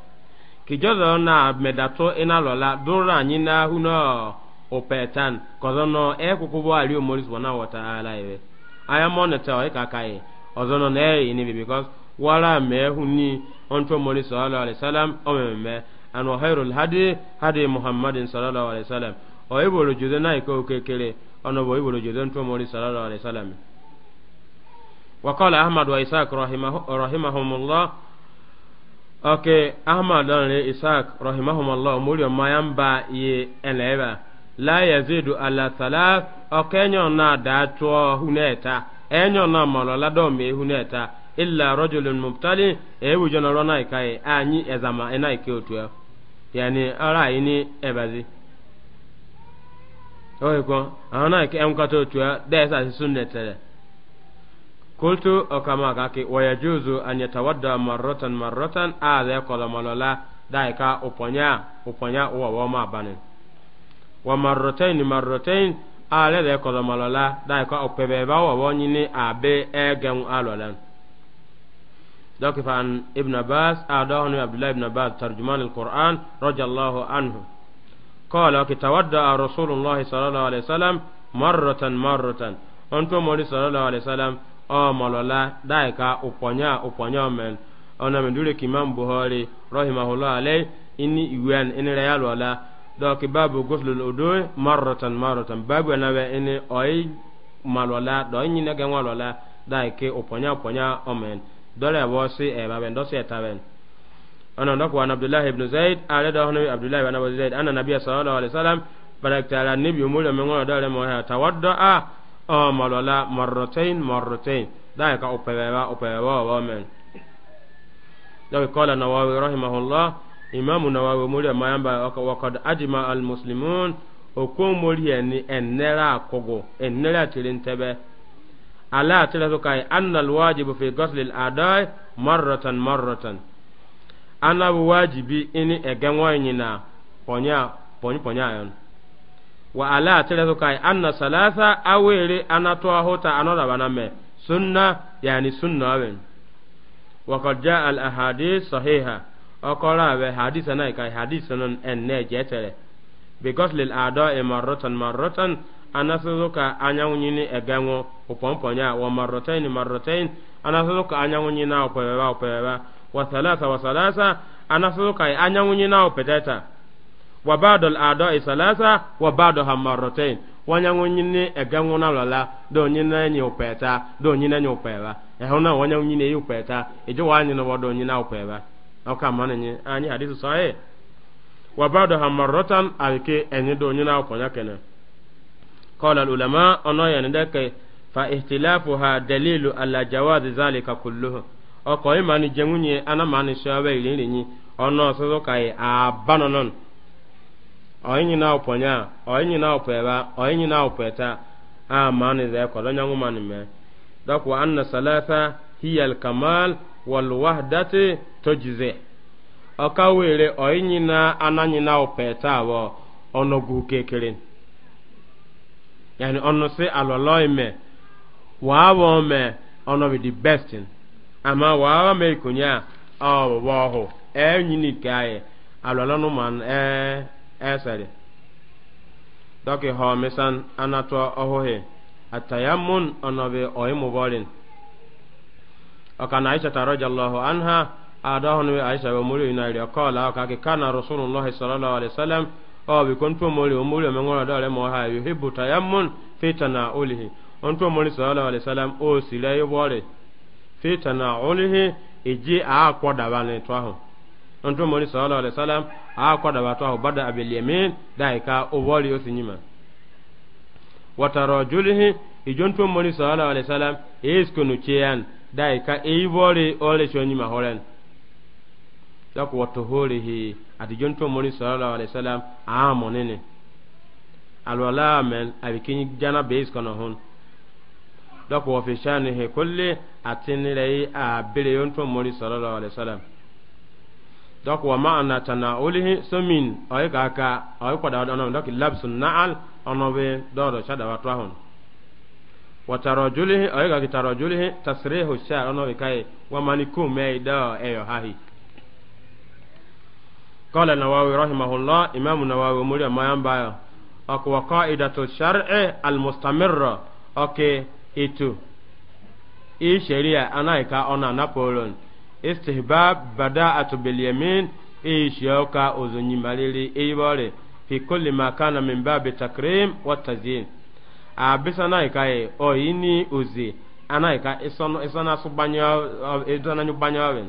kijozo na medato inalola dura nyina huno opetan kozono e kukubo ali omori subhanahu wa ala ibe aya mona tawa e kakai e. ozono ne e ini bi because wala me hunni onto mori sallallahu alaihi wasallam o me me an wa khairul hadi hadi muhammadin sallallahu alaihi wasallam o ibolo jude na iko kekere ono bo ibolo jude onto mori sallallahu alaihi wasallam وقال أحمد وإسحاق رحمه رحمهم الله أوكي أحمد وإسحاق رحمهم الله مولي ما ينبع eleba. la yazidu ala salas okenyo na da tuo huneta enyo na molo la do me huneta illa rajulun mubtali e wujona rona ikai anyi ezama enai ke otu yani ara ni ebazi oye ko ana ke en kato otu da esa sunnetere kultu okama kake wayajuzu an yatawadda marratan marratan a da kola malola da ka uponya uponya uwa wa marrotain marrotain ale de ko malola dai ko opebe ba wa woni ni abe egen alolan دوك فان ابن عباس أعداه عبد الله بن عباس ترجمان القرآن رضي الله عنه قال تودع رسول الله صلى الله عليه وسلم مرة مرة أنتم مولي صلى الله عليه وسلم أو ملولا دايكا أبنيا أبنيا من أنا من دولة كمام بهاري رحمه الله عليه إني يوان إني ريال ولا donc babu goslu odo marratan marratan babu na we ene oy malola do nyi na gan walola da ke oponya oponya omen dole wo si e baben do se taben ana ndo ko abdullah ibn zaid ala da hono abdullah ibn abu zaid ana nabiy sallallahu alaihi wasallam baraktara nabi umul men ngona dole mo ha tawadda a o malola marratain marratain da ka opewa opewa omen donc qala nawawi rahimahullah imamu nawawi muri amayamba wakad ajma al muslimun okwo muri eni enera akogo enera tirintebe ala tira to kai anna al wajibu fi ghusl al adai marratan marratan ana wajibi ini egenwa nyina ponya ponya ponya yon wa ala tira to kai anna salasa awere anato ahota anora baname sunna yani sunna wen وقد جاء الأحاديث صحيحة ọkọrọ abẹ hadisa náà ka hadisa nan ẹn náà jẹ tẹrẹ bikọs lè àdọ ìmọrọtàn mọrọtàn anasọsọ ka anyanwó nyi ni ẹgẹnwó ọpọnpọnyá wọn mọrọtàn ni mọrọtàn anasọsọ ka anyanwó nyi náà ọpẹwẹwà ọpẹwẹwà wasalasa wasalasa anasọsọ ka anyanwó nyi náà ọpẹtẹta wabaadọ àdọ ìsalasa wabaadọ ha mọrọtàn wọnyanwó nyi ni ẹgẹnwó náà lọla dọ nyi náà nyi ọpẹta dọ nyi náà nyi ọpẹwà ẹhọ náà wọnyanwó nyi ni eyi ọpẹta ìjọwọ anyinwó dọ nyi náà ọpẹwà. aka mana nye Ani hadisi sahih wa ba'da hamaratan alke enyi do nyina ko nyakene qala al ulama ono yani deke fa ihtilafuha dalilu ala jawazi zalika kulluhu o ko imani jemunye ana mani shawe ilinyi ono sozo kai O oyin na oponya oyin na opeba oyin na opeta a mani ze ko lo nyangu mani me dokwa anna salasa hiya al kamal walwahdati tojze ọka were ọyinyi na ananyi na opeta awọ ọnọgwu kekere yani ọnụ si alọlọ ime wàá ome mẹ di bestin ama wàá wọ mẹ ikonya ọwụwa ọhụ ẹnyi e ike kaayẹ alọlọ n'ụmanụ ma ẹ e, e dọkị họ misan anatọ ọhụhị atayamun ọnọ bi وكان عائشة رضي الله عنها أداهن عائشة ومولي نايري قال وكاك كان رسول الله صلى الله عليه وسلم أو بكون تومولي ومولي من غير دار موها يحب تيمم في تناوله أن تومولي صلى الله عليه وسلم أو سلاي بوري في تناوله إجي أقوى دواني توهم أن تومولي صلى الله عليه وسلم أقوى دواني توهم بدأ باليمين دايكا أولي يوسي وترى جله إجون تومولي صلى الله عليه وسلم إيسكنو تيان dai ka eibori ole shoni mahoren dako watohorihi atijon to moni sallallahu alaihi wasallam amo nene alwala men abikin jana base kono hon dako wa fi shanihi kulli atinilai a bere yon to moni sallallahu alaihi wasallam dako wa ma'ana tanaulihi sumin oy kaka oy kwada ono doki labsun na'al ono be dodo shada watwa hon watarajulihi oyega kitarajulihi tasrihu shar ono ikaye wamaniku meida eyo hahi قال النووي رحمه الله إمام النووي مريم ما ينبع أكو قاعدة الشرع المستمرة أوكي إتو إي شريعة أنا إكا أنا نابولون استحباب بداءة باليمين إي شيوكا أزني ماليلي إي بولي في كل ما كان من باب التكريم والتزيين abisa na ika e o ini ozi ana ika isono isona su banyo edona nyu banyo wen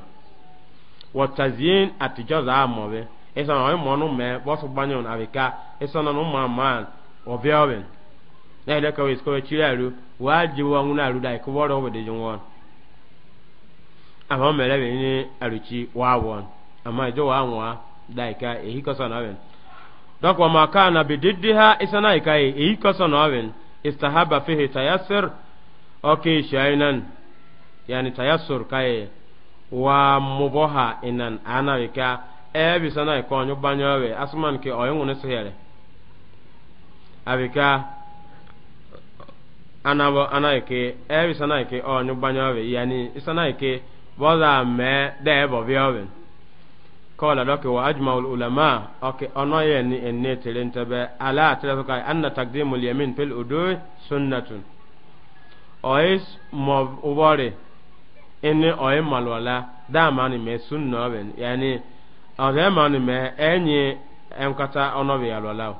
watazin atijaza amobe isona o mo no me bo su banyo na bika isona man obi oben na ile ka wis ko chiaru waji wa nguna aru dai ko woro ama mere be ni aruchi wa won ama wa nwa ka ehi ko istahaba fihi tayassur oke shainan yani tayassur kai wa muboha inan ana wika ebi sana ko nyu banyowe asman ke oyun ne sehere abika anabo anaike ebi sana ke onyu banyowe yani isana ke boza me de bo biowen kọ́ọ̀lá dọ́kì wà ájùmọ̀ olùlámà ọ̀kẹ́ ọ̀nà yẹn ní ẹ̀ní tẹ̀lé ń tẹ́bẹ̀ alá àtẹ́lẹ́sọ́kà anna tagdé mùlẹ̀mín pẹ̀lú odò sunnatun. ọ̀yẹ́ mọ̀ wọ́ọ̀rẹ̀ ẹni ọ̀yẹ́ màlúwàlá dáàmà ni mẹ́ sunna ọ̀bẹ̀ yẹni ọ̀sẹ̀ mà ni mẹ́ ẹ̀yìn ẹ̀ńkátá ọ̀nà bẹ̀ yàlọ́lá o.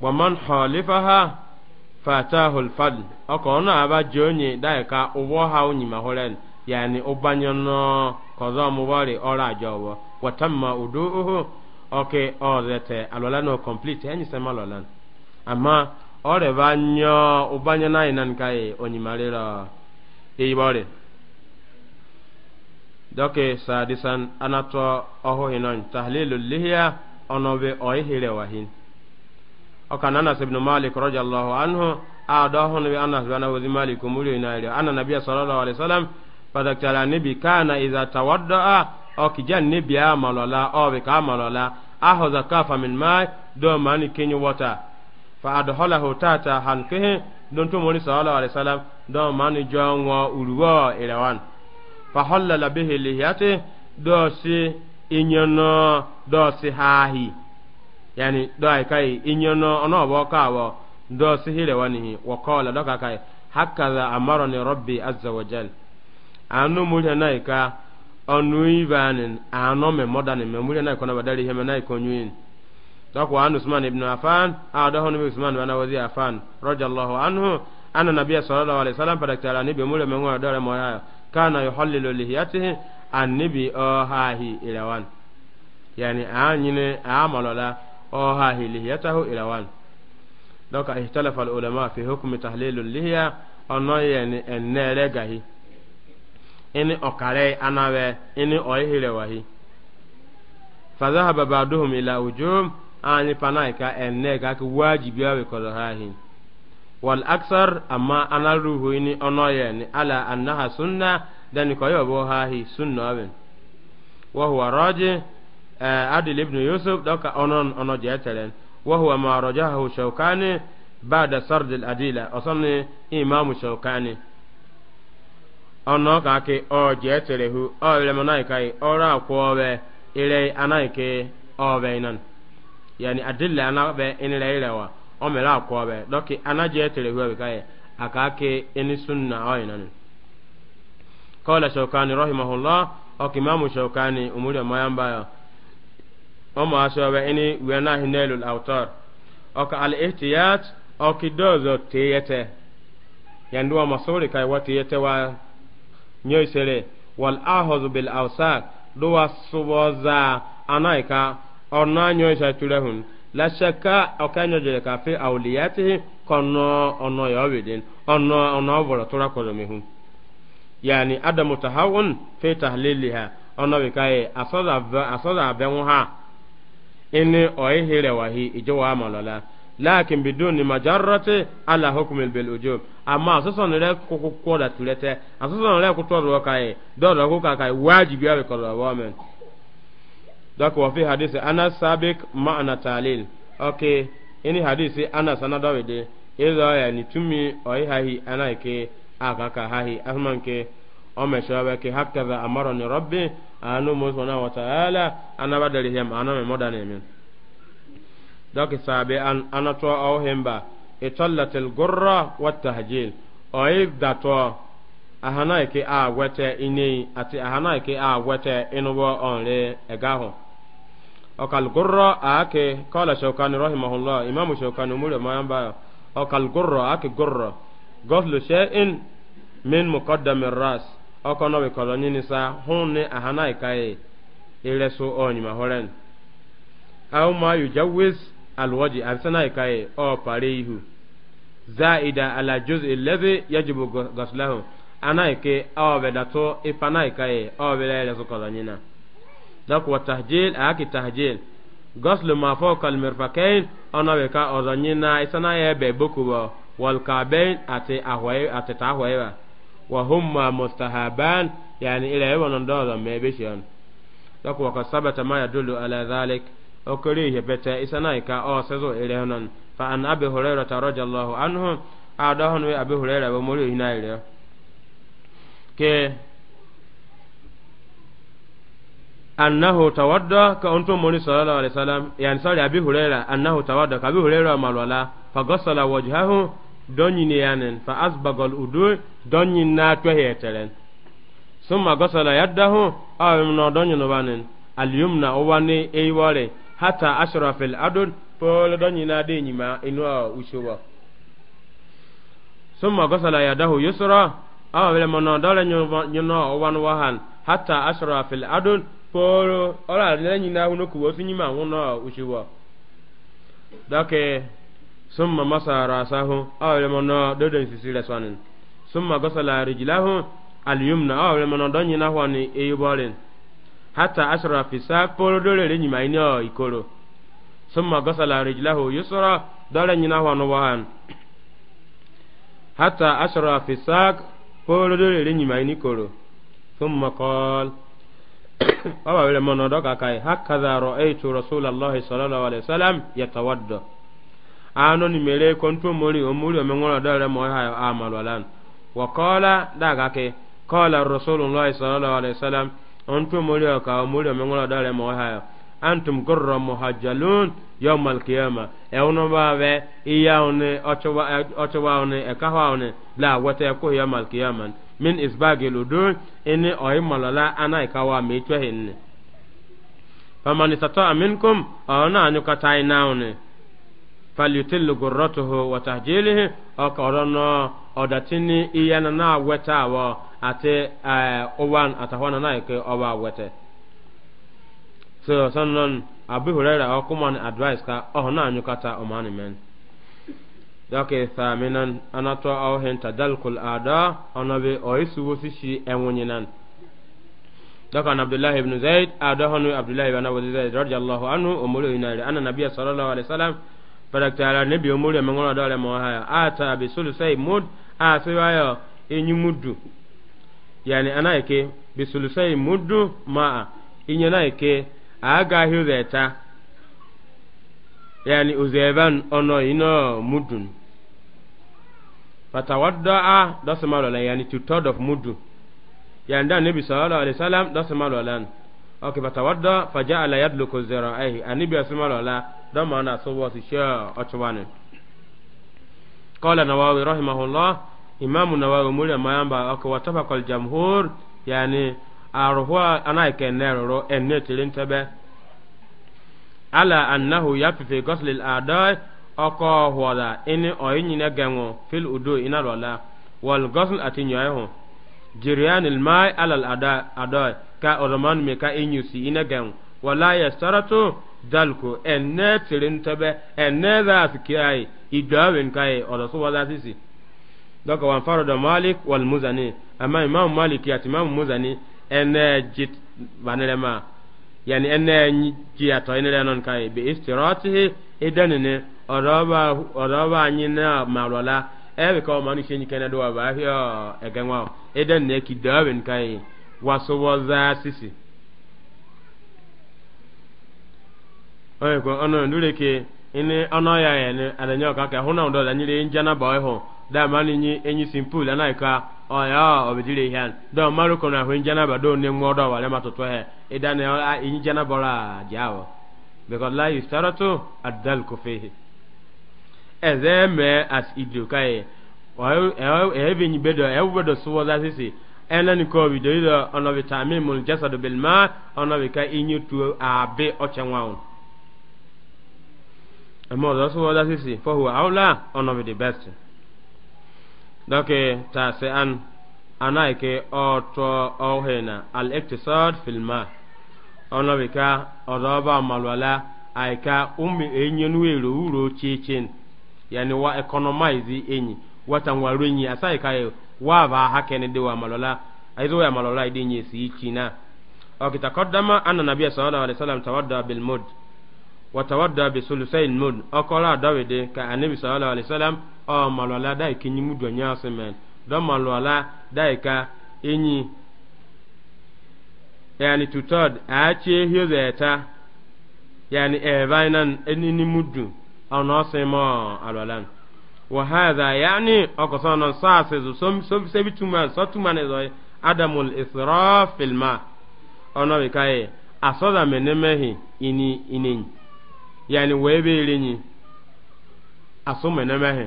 bọ̀mọ́n xọ̀lífàhà fatahul fadl ọkọ̀ ọ̀nà àbájọ́ yẹn dáìka ọwọ́ ha ó nyìmà hólẹ́ni yẹni ó bányẹ́ náà. kọzọ mubari ọrụ ajọwọ watamma udu uhu oke ọzete alwala no complete enyi sema alwala amma ọrẹ ba nyọ ụbanye na ịna nka yi onyimarịrọ ịbọrị dọke sadisan anatọ ọhụghị nọ tahlilu lihiya ọnọbe ọihere wahin ọka na anas ibn malik rọjallahu anhu a dọhụ nabi anas bana wazi malik umuri na ana nabiya sallallahu alaihi wasallam fadaktara nebi kana iza tawadda'a o kijan nebi a malola o be ka malola ahoza kafa min mai do mani kinyu wata fa adholahu tata hankihi don to mori sallallahu alaihi wasallam do mani jonwo uruwo irawan fa hallala bihi lihiyati do si inyono do si hahi yani do ai kai inyono ono bo kawo do si hirewanihi wa qala do kai hakaza amarani rabbi azza wa jalla anu mulya nai ka onu ibanin ano me modani me mulya nai kona badali hema nai konyuin tako anu usman ibn afan ada honu usman wana wazi afan radiyallahu anhu anna nabiyya sallallahu alaihi wasallam pada tala ni be mulya me ngwa dole moya kana yuhallilu lihiyatihi annibi ohahi ilawan yani anyine amalola ohahi lihiyatahu ilawan doka ihtalafa al fi hukmi tahlilul lihiya onno yani enere gahi ini ọkàrẹ anáwẹ ini ọ̀hìhìrẹ̀ wáyé fàzáhàbà bàdóhùn ìlà òjò ààyè panáìka ẹ̀nẹ́ kàkí wájìbí àwẹ̀ kọ̀dọ̀ hàhìn wal aksar amma anaruhu ini ọ̀nọ́yẹ ni ala annaha sunna dani kọyọ bọ hàhì sunna ọbẹ̀ wọ́hùwà eh, rọ́jì adìl ibn yusuf dọ́ka ọ̀nọ́n ọ̀nọ́jẹ́ tẹ̀lẹ̀ wọ́hùwà mà rọ́jà hù shaukani bá sardil adìlà ọ̀sán imaamu shaukani. ọnụ ka akị ọjị etere hu ọrịa m anaghịkaghị ọrụ akwụ ọbẹ ire anaghịke ọbẹ inan yani adịla anabẹ inire irewa ọ mere akwụ ọbẹ dọkị anaghị etere hu ya aka akị enisun na ọinan kọla shaukani rahimahullah ọkimamu shaukani umuri ọmayan baya ọmọ asọ ọbẹ ini wee naghị n'elu autor ọka al-ihtiyat ọkidọzọ teyete yanduwa masori kai wa teyete wa nyoy sere wal ahozu bil awsaq do wasuboza anaika ona nyoy sa turehun la shakka okanyo jere ka fi awliyatihi kono ono yawidin ono ono bora tura ko mihun yani adamu tahawun fi tahliliha ono bi kai asoda asoda benwa ha ini oihirewahi ijowa malola lakin biduni majarrati ala hukmi bil ujub amma soso ne re ko ko ko da tulete asoso ne re ko to ro kai do ro ko kai wajibi awe ko ro wa men dak wa fi hadisi anas sabik ma'ana talil okay ini hadisi anas anada we de izo ya ni tumi oi hahi anaike akaka hahi ahmanke o me shawe ke hakka amara ni rabbi anu mo subhanahu wa ta'ala anabadalihim anabe modane min dɔki saabe an anatɔ mba hemba itɔllatil gurra watahjil ɔyi datɔ ahana ke a wɛtɛ ine ati ahana ke a wɛtɛ inubɔ ɔnre a ɔkal gurra aake kɔla shaukani rahimahullah imamu shaukani umuri mayamba ɔkal gurra aake gurra gɔflu shɛ'in min muqaddamin ras ɔkɔnɔ bi kɔlɔ nini sa hun ni ahana ka ye ire su ɔnyima alwaji abisana kai o pare ihu zaida ala juz ilabi yajibu gaslahu ana ke o beda to ifana kai o bela ya zukola nyina dak wa tahjil aki tahjil gaslu ma fawqa almirfaqain ana be ka ozanyina isana ya be bokuwa wal kabain ati ahwai ati tahwaiwa wa humma mustahaban yani ila yawan ndo da mebe shi an dak wa kasabata ma yadullu ala dhalik okore ihe bete isanaika o sezo ire honon fa an abi huraira ta radiyallahu anhu ada honu abi huraira bo mori ina ire ke annahu tawadda ka onto moni sallallahu alaihi wasallam yani sari abi huraira annahu tawadda ka abi huraira malwala fa ghassala wajhahu donyi ne yanen fa asbagal udu donyi na to heteren summa ghassala yadahu awim no donyi no banen al yumna owani eiware hata ashrafil adun polo don yina de nyima inuwa ushuwa summa gosala dahu yusra awa wele mono dole nyuno wan wahan hata ashrafil adun polo ola le nyina hunu kuwo sinyima huno ushuwa dake summa masa rasahu awa wele mono dodo nsisire swanin summa gosala rijlahu al yumna awa wele mono don yina hwani eyubolin hata ashara fi sa polo dole re nyima ini o ikoro summa gasala rijlahu yusra dole nyina wa no wahan hata ashara fi sa polo dole re nyima ini koro summa qal <coughs> awa wele mono do ka kai hakadha ra'aytu rasulullah sallallahu alaihi wasallam yatawadda ano ni mere kontu mori o mori o me ngora dole mo ha amalwalan wa qala daga ke qala rasulullah sallallahu alaihi wasallam onto mori ka mori me ngora dare mo ha antum gurra muhajjalun yawm alqiyama e ono ba be iya one ochowa ochowa one e kahwa one la wata ko yawm alqiyama min isbagil udun ini oy malala ana ikawa me to hinne ana ate eh, uwan atahwana na ike eh, oba wete so sannan abu hurairah o kuma ni advice ka oh na anyukata umani men dake thaminan anato aw henta dalkul ada onabe o isu wosi shi enwonyinan daka an abdullahi ibn zaid abdullahi ibn abu zaid radiyallahu anhu umuru inari anna nabiyya sallallahu alaihi wasallam fadaktara nabi umuru mengona dole mo haya ata bi sulusai mud yani ana ke bisulusai muddu ma'a inye na ke aga hireta yani uzeban ono ino mudun fatawadda'a dasmalola yani two third of muddu yani da nabi sallallahu alaihi wasallam dasmalola okay fatawadda faja'ala yadluku zira'ihi anibi asmalola dama na so wasi sha ochwani qala nawawi rahimahullah imamu nawawi mulya mayamba ako kwa Jamhur yani aruhwa anaike neroro ene tilintebe ala annahu yafi fi ghusl adai oko hwada ini oyinyine genwo fil udu ina rola wal ghusl atinyoehu jiryan al-ma'i ala adai ka oroman me inyusi ina genwo wala yastaratu dalku enne tilintebe enne za sikiyai idawen kai oroso wala sisi donc wan farada malik wal muzani amma imam malik ya imam muzani ene jit banelema yani ene jiya to ene non kai bi istiratihi idanene oroba malola kene do ba hio idan ne ki dawin kai na sisi oye ko ono ndure ke ine ya ya ne ka ka huna ndo nyire njana ba da mani nyi enyi simpul ana ka oya oh, obidire ihan do maru kona hwen njana ba do ne ngodo wale matoto he ida e ne enyi oh, jana bora jawo because la yustaratu adal kufihi ezeme as idukai e, oyo oh, ebe e, nyi bedo e bedo suwo za sisi ena ni ko bi do ido ono vitamin mul jasad bil ma ono bi ka inyu tu abe ochenwaun amma da suwo za sisi fa huwa aula ono bi the best dɔke taase an ana ke ɔtɔ ɔhena al iktisad filma ɔnɔ bi ka ɔdɔba malwala aika umi enyenu ero uro chichin yani wa economize enyi wata ngwaru enyi asa ika e, wa ba hakene de wa malwala aizo ya malwala ide enyi si china okita qaddama ana nabi sallallahu alaihi wasallam tawadda bil mud wa tawadda bi sulusain mud okola dawide ka anabi sallallahu alaihi wasallam ọ malọla da ike nyi mudu onye asị men dọ malọla da ika enyi yani tutod a chi ehi ze ta yani evainan enini mudu ọnụ ọsị mọ alọlan وهذا يعني أقصانا ساسز سم سم سبتما ساتما عدم الإسراف في الماء أنا بكاي أصلا من نمه إني إني يعني ويبيلني أصلا من نمه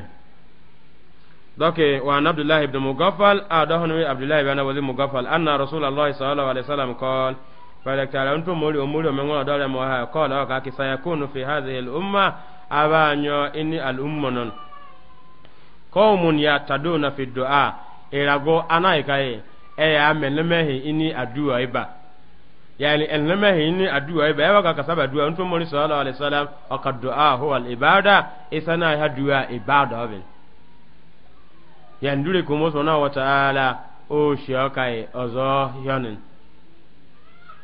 دوكي وعن عبد الله بن مغفل أدهن عبد الله بن ولي مغفل أن رسول الله صلى الله عليه وسلم قال فلك تعالى أنتم مولي أمولي من قول دولة موها قال أوكاك سيكون في هذه الأمة أبانيو إني الأمة قوم يعتدون في الدعاء إلاغو أنا إكاي أي أمنمه إني أدعو إبا يعني أنمه إني أدعو إبا أبا كسب أدعو أنتم مولي صلى الله عليه وسلم وقد دعاء هو الإبادة إسانا يدعو إبادة أبنى yandure ko moso na wataala o shiokai e, ozo yonin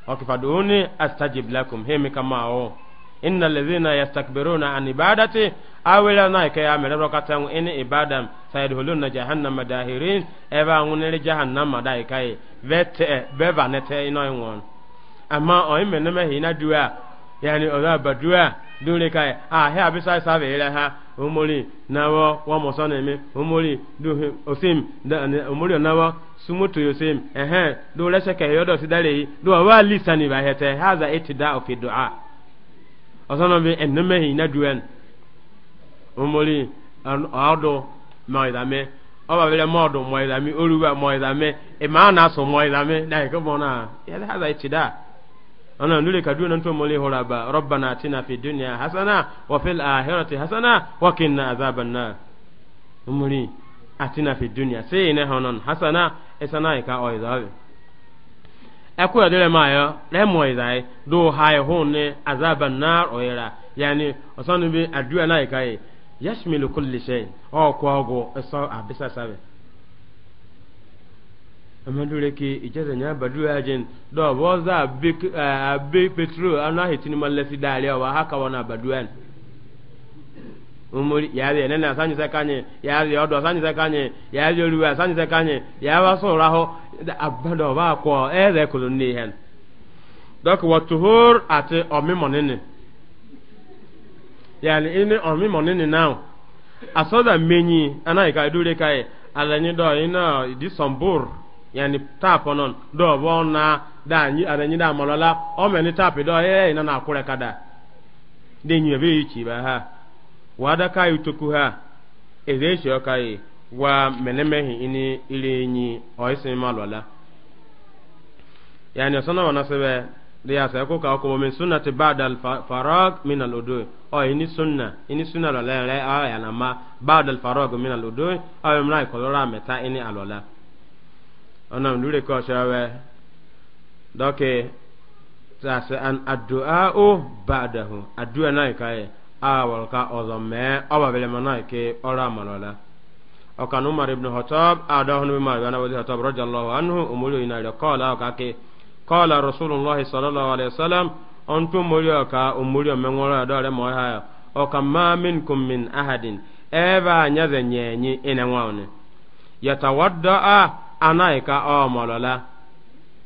okifaduni astajib lakum hemi kama o inna alladhina yastakbiruna an ibadati awila na ke amere rokatan in ibadam sayadhuluna jahannama dahirin eba ngunere jahannama dai kai vete e, beba nete ino inwon amma o imene me hina dua yani oza badua dure kai ah he abisa sabe ha omori nawo wa mosana eme omori du osim da omori nawo sumutu yosim ehe do lesha ka yodo sidare do wa lisani ba hete haza itida fi du'a osono bi hi na duwen omori ado maidame ọba bere mọdụ mọidame oruba mọidame ịma e a na-asụ mọidame na-ekebọ na ya haza itida ana nule kaduna to mole ba rabbana atina fi dunya hasana wa fil akhirati hasana wa qina azaban nar umuri atina fi dunya sai ne honon hasana esana ka oizawe ẹkú ẹdẹrẹ máa yọ lẹmọ ìdáyé do ha hone ní azaba náà ọyẹra yanni ọsán níbi àdúrà náà ìka yìí yẹsùn mi lè kó lè ṣe amandure ke ijaza nya badu ajen do boza big eh, be petro ana hitini malasi dali wa haka wana baduan umuri yaze nena sanyi sakanye yaze odo sanyi sakanye yaze oluwa sanyi sakanye yawa so raho abado ba ko ere kulu ni hen dok watuhur ate omimonene yani ini omimonene now asoda menyi ana ika dure kai alani do ina di sombur yani tap non do bona da nyi ara nyi da malola o me ni tap do na akure kada de nyi be ichi ba ha wada ka yutuku ha eze shi o kai wa menemehi ini ile nyi o isi malola yani sana wana sebe de ya sa ko ka ko farag min al udu o ini sunna ini sunna la la ya na ma ba'da farag min al udu ko ra onam lure ko shawe doke tase an addu'a'u ba'dahu addu'a nay kai e. awal ka ozomme oba bele manay ke ora manola o umar ibn khattab adahu bi mar bana wadi khattab radiyallahu anhu umulu ina le qala ka ke qala rasulullah sallallahu alaihi wasallam antum mulyo ka umulyo mengora dole mo ha o kan ma minkum min ahadin nyaze nyenyi ina yatawadda'a anaika ọmọlọla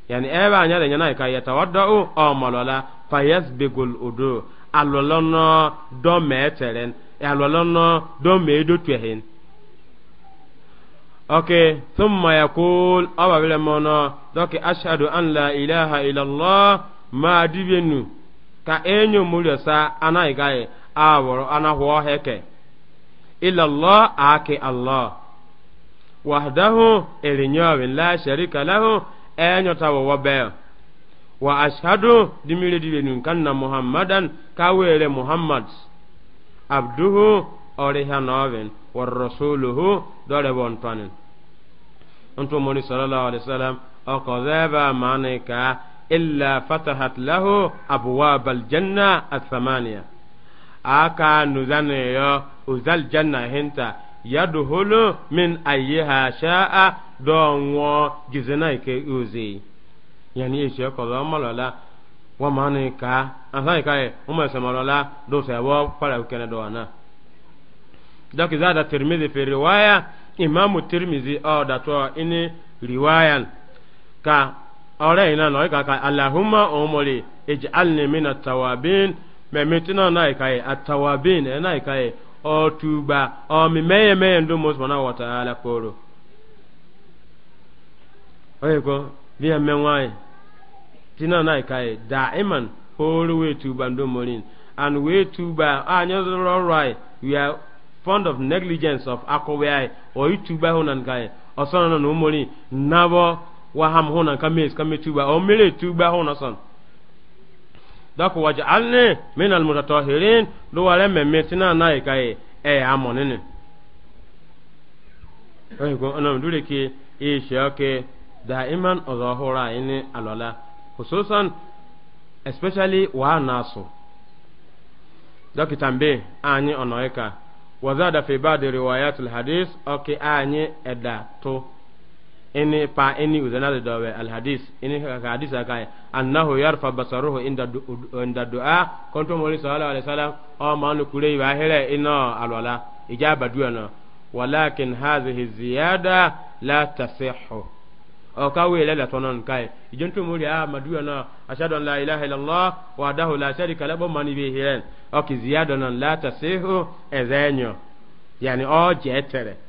yani ebe anya da nyana ka ya tawadda o ọmọlọla fayes begol odo alọlọnọ dọ mẹtẹrẹn alọlọnọ dọ mẹdọtwẹhin ok thumma yakul awa bile mono doki ashhadu an la ilaha illallah ma dibenu ka enyo mulyo sa anaika aworo anahwo heke illallah ake allah wahdahu elinyawin la sharika lahu enyota wo wabeya wa ashhadu dimire dibe nun kanna muhammadan kawere muhammad abduhu oriha novin war rasuluhu dole bon tanin antu muni sallallahu alaihi wasallam aqadaba manika illa fatahat lahu abwab aljanna athamaniya aka nuzane yo uzal janna hinta yaduhulu min ayyiha sha'a donwo gizena ike uzi yani ishe kolo malola wa mani ka asai kai umma samalola do sabo para ukene do ana dak zada tirmidhi fi riwaya imam tirmidhi o da to ini riwayan ka ore ina no ka ka allahumma umuri ij'alni min at-tawabin memetina na kai at-tawabin na kai otuba omimeye meye ndu mo subhanahu wa ta'ala poro oyeko biya menwai tina nai kai iman poro we tuba ndu morin and we tuba anyo zoro rai we are fond of negligence of akowai o ituba honan kai osono no mori nabo waham honan kamis kametuba o mere tuba honan son dako waj'alni min almutatahirin do wala memme tina nai kai e amonene oy go anam dure ki e shake daiman azahura ini alala hususan especially wa naso, dako tambe ani onoeka wazada fi ba'd riwayat alhadith okay anyi eda ini pa ini uzana da dawe alhadis ini ka hadis aka annahu yarfa basaruhu inda du, inda du'a kontu moli sallallahu alaihi wasallam o oh, manu kulei wa hele ina alwala ijaba du'a no walakin hadhihi ziyada la tasihhu o ka wele la tonon kai ijentu moli a ah, madu'a no ashhadu an la ilaha illallah wa dahu la sharika la bomani bi hilen o ki ziyada non la tasihhu ezenyo yani o jetere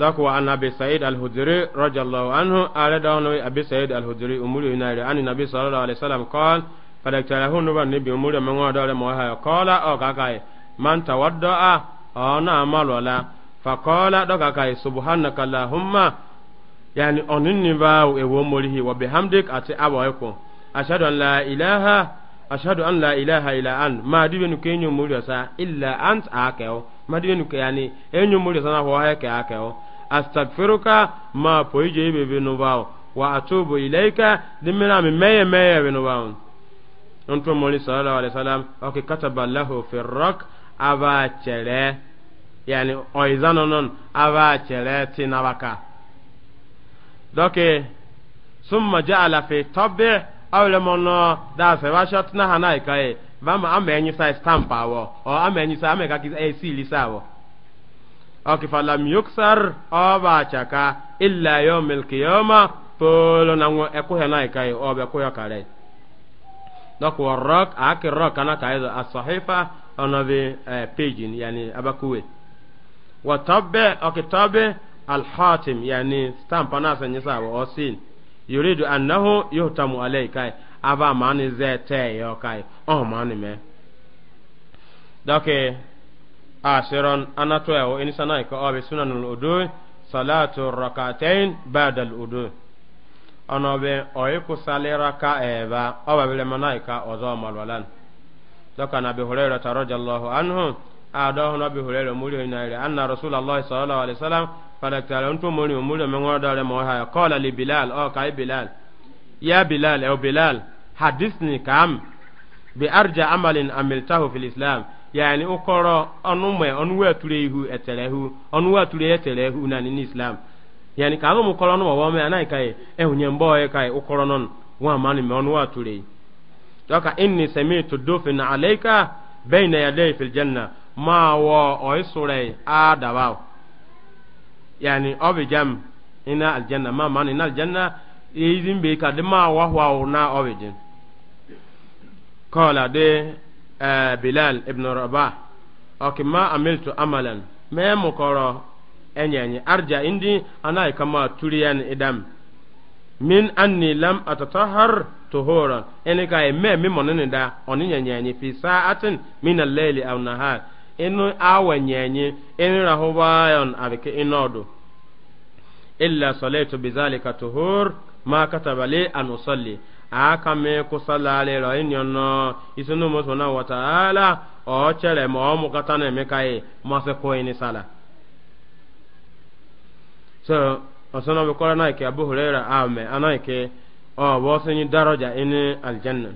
ذاك وأن أبي سعيد الهدري رضي الله عنه أرد أنه أبي سعيد الهدري أمولي ينايري أن النبي صلى الله عليه وسلم قال فلكتله نبا النبي أمولي من ودار موها قال أو كاكاي من تودع أنا أمال ولا فقال دكاكاي سبحانك اللهم يعني أنني باو إوموليه وبحمدك أتي أبوكم أشهد أن لا إله أشهد أن لا إله إلا أنت ما دي بنكيني أمولي إلا أنت أكيو madiyenu ke yani enyu muri sana ho ha ke ake o astaghfiruka ma poije bebe no bawo wa atubu ilaika dimina mi meye meye be no bawo onto muri sallallahu alaihi wasallam o ke kataba lahu fi rak aba chere yani oizano non aba chere tinabaka doke summa ja'ala fi tabbi awle mono da se washat na hanaika e mama ama enyisa estampa awo, ọ ama enyisa ama ka kisa eh, esi lisa awọ ọkị falam yuksar ọba achaka illa yomil kiyoma polo na nwa ekuhe na ikai ọba ekwuhe kare dọkwa rock aki rock ana ka ịzụ asahifa ọnọbi eh, pejin yani abakuwe wọtọbe ọkịtọbe alhatim yani stamp ọ na-asanyisa awọ ọsin yuridu annahu yuhtamu alaikai aba mani zɛ tɛ yɔ kai ɔn oh, mani mɛ dɔke a shiron ana to e, yawo in sanai ka ɔbi sunan al'udu salatu rakatain ba'da al'udu ɔnɔ bɛ ɔyi ku salira ka ɛba e ɔba bile manai ka ɔzɔ malwalan dɔka na bi hurairu ta rajallahu anhu a dɔhun na bi hurairu muri yin ayire anna rasulallah sallallahu alaihi wasallam fadaktare ntu muri muri mɛ ŋɔdɔ rɛ mɔ ha kɔla li bilal ɔ kai bilal ya bilal ɛ e, bilal hadisni kam bi arja amalin amiltahu fil islam yani ukoro onume onuwe ture ihu etelehu onuwe ture etelehu na ni islam yani ka mu koro no wo me anai kai ehunye mbo e kai ukoro non wa mani me onuwe ture doka inni samitu dufin alayka bayna yaday fil janna ma wo oisure adawa yani obijam ina aljanna ma mani ina aljanna izin be ka de ma wa wa na obijin قال دي آه بلال ابن رباح أوكي ما عملت عملا ما مقرأ أني أرجع عندي أنا كما تريان إدم min anni lam atatahar tuhura ene ka me mi monene da oni nyanyanyi fi sa'atin min al-layli aw nahar inu awa nyanyi inu rahuba yon abike inodo illa salatu bizalika tuhur ma kataba li an usalli aka me kusalale ro inyono ndị mo sona wa taala o chere mo mu ma sala so osono be na ke abu huraira ame anaike o bo daraja ini aljanna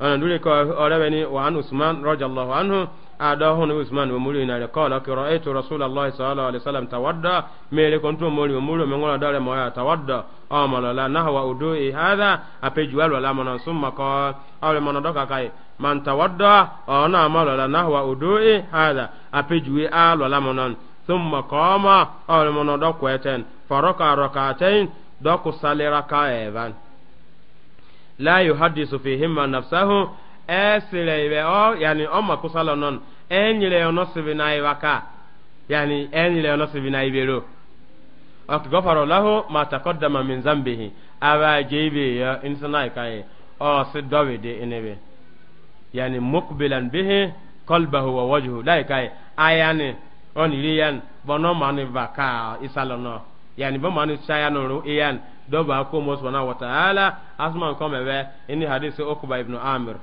wa an usman anhu adahun usman wa mulu inare qala qira'atu rasulullahi sallallahu alaihi wasallam tawadda mele kontu mulu mulu mengola dare moya tawadda amala la nahwa udui hadha apeju alwa la mona summa qala awle mona doka kai man tawadda ona amala la nahwa udui hadha apeju alwa la mona summa qama awle mona dokweten faraka rakatain doku salira ka evan la yuhaddisu fihimma nafsahu esere ibe o yani o makusala non enyere ono sibi na iwaka yani enyere ono sibi na ibero ok gofaro lahu ma taqaddama min zambihi aba jebe ya insana kai o si dawide inebe yani mukbilan bihi qalbahu wa wajhu dai kai ayani oniri yan ma mani vaka isalono yani bo mani saya no ru iyan do ba ko mo subhanahu wa ala asman ko mebe ini hadisi ukba ibn amir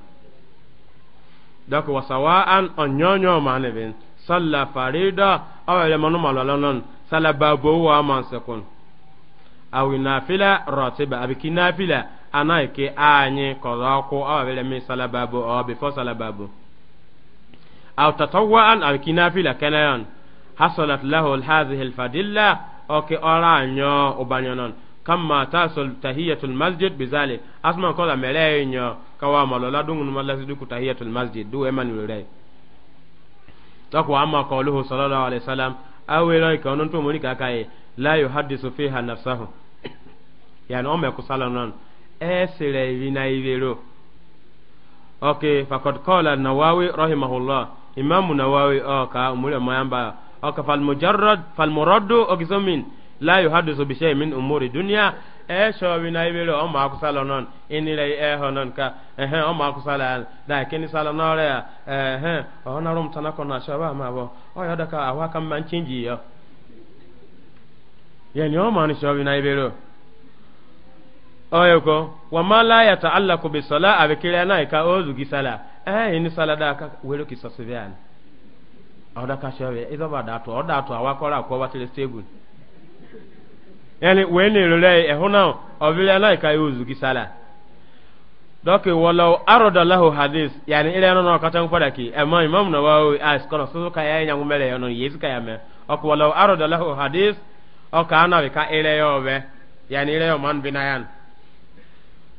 dɔk wa sawa'an on nyonyo mane bin salla farida aw le manu malalanon salla babo wa man sekon aw nafila ratiba abiki nafila ana ke anyi kozako aw le mi salla babo aw bi salla babo aw tatawwa'an abiki nafila kanayan hasalat lahu hadhihi alfadilla o ke ora nyo obanyonon kama tasul tahiyatul masjid bizalik asman kola meleyo kawa malola dungun mallasi duku tahiyatul masjid du eman lure takwa amma qawluhu sallallahu alaihi wasallam awira ka onon to moni kaka e la yuhaddisu fiha nafsahu yani o me kusala non esire vina ivero okay faqad qala nawawi rahimahullah imam nawawi o ka umuri mayamba o ka fal mujarrad fal murad o kisomin la yuhaddisu bi shay'in min umuri dunya ɛsɔbi na ibere ɔmɔ akusala nɔn enire ɛhɔ nɔn ka ɛhɛn ɔmɔ akusala yɛ da kini sala nɔrɛ ya ɛhɛn ɔhɔn arɔm tana kɔnɔ asɔbi ama bɔ ɔyɔ dɔ ka awa kan man cɛnji yɔ yɛni ɔmɔ ni sɔbi na ibere ɔyɔ ko wa ma la yata ala ko bi sɔla a bɛ kiri n'a ye ka o zugi sala ɛhɛn e, ni sala da ka wele k'i sɔsi bɛ yan ɔdɔ ka sɔbi idɔ b'a da to ɔda to awa kɔrɔ a kɔ wa tele yani wen rere ehuna obile na ka yuzu kisala doke walau arada lahu hadis yani ile no ka tan fada ki amma eh, imam na wawo as kono so ka ya nya ngumele yono yesu ka yame ok walau arada lahu hadis o ka ana ka ile yobe yani ile yo man binayan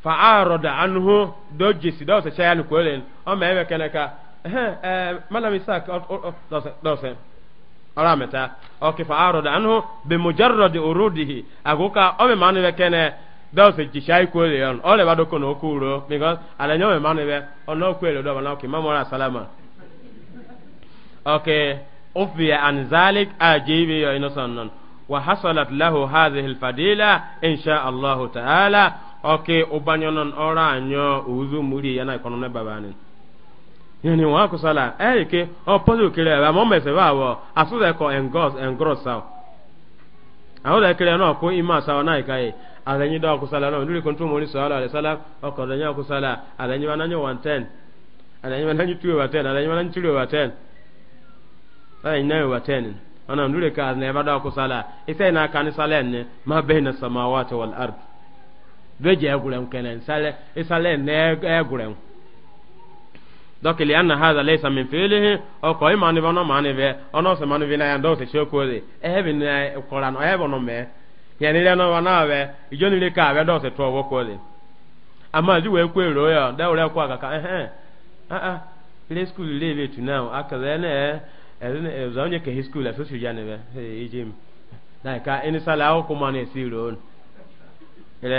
fa arada anhu doji sido se chayan ko ọ ma me me kenaka ee eh, eh, malami sak dose dose arameta okifa aroda anhu bi mujarrad urudihi aguka ome manu be kene dawse jishai kwele yon ole bado kono okuro because ala nyome manu be ono kwele do bana oki mamora salama okay ufiya an zalik ajibi yo inosannon wa hasalat lahu hadhihi alfadila insha Allah ta'ala okay ubanyonon ora anyo uzu muri yana kono ne babanin yani wa ko sala e ke o polo kire ba mo mese ba wo asu de ko engos engros sa awu de kire no ima sa na ka e alanyi do ko sala no luri kon tu mo ni sala ala sala o ko de nya ko sala alanyi ba na nyo 110 alanyi ba na nyo 2 wa 10 alanyi ba na nyo 3 wa 10 alanyi na wa 10 ana luri ka na ba do ko sala ise na ka ni ma baina samawati wal ard do je agure mkenen sala isale ne agure donc li anna hadha laysa min fi'lihi o ko imani bono mani be ono se mani bina ya ndose shoko de ebi na qoran ebo no me ya ni leno wana be ijo ni le ka be ndose to wo ko de ama ji we ero ya da ore ku aka eh eh ah ah play school le be tu na aka e ne e za onye ke school aso e shuja ne ijim na ka eni sala o ko mani e si ro ile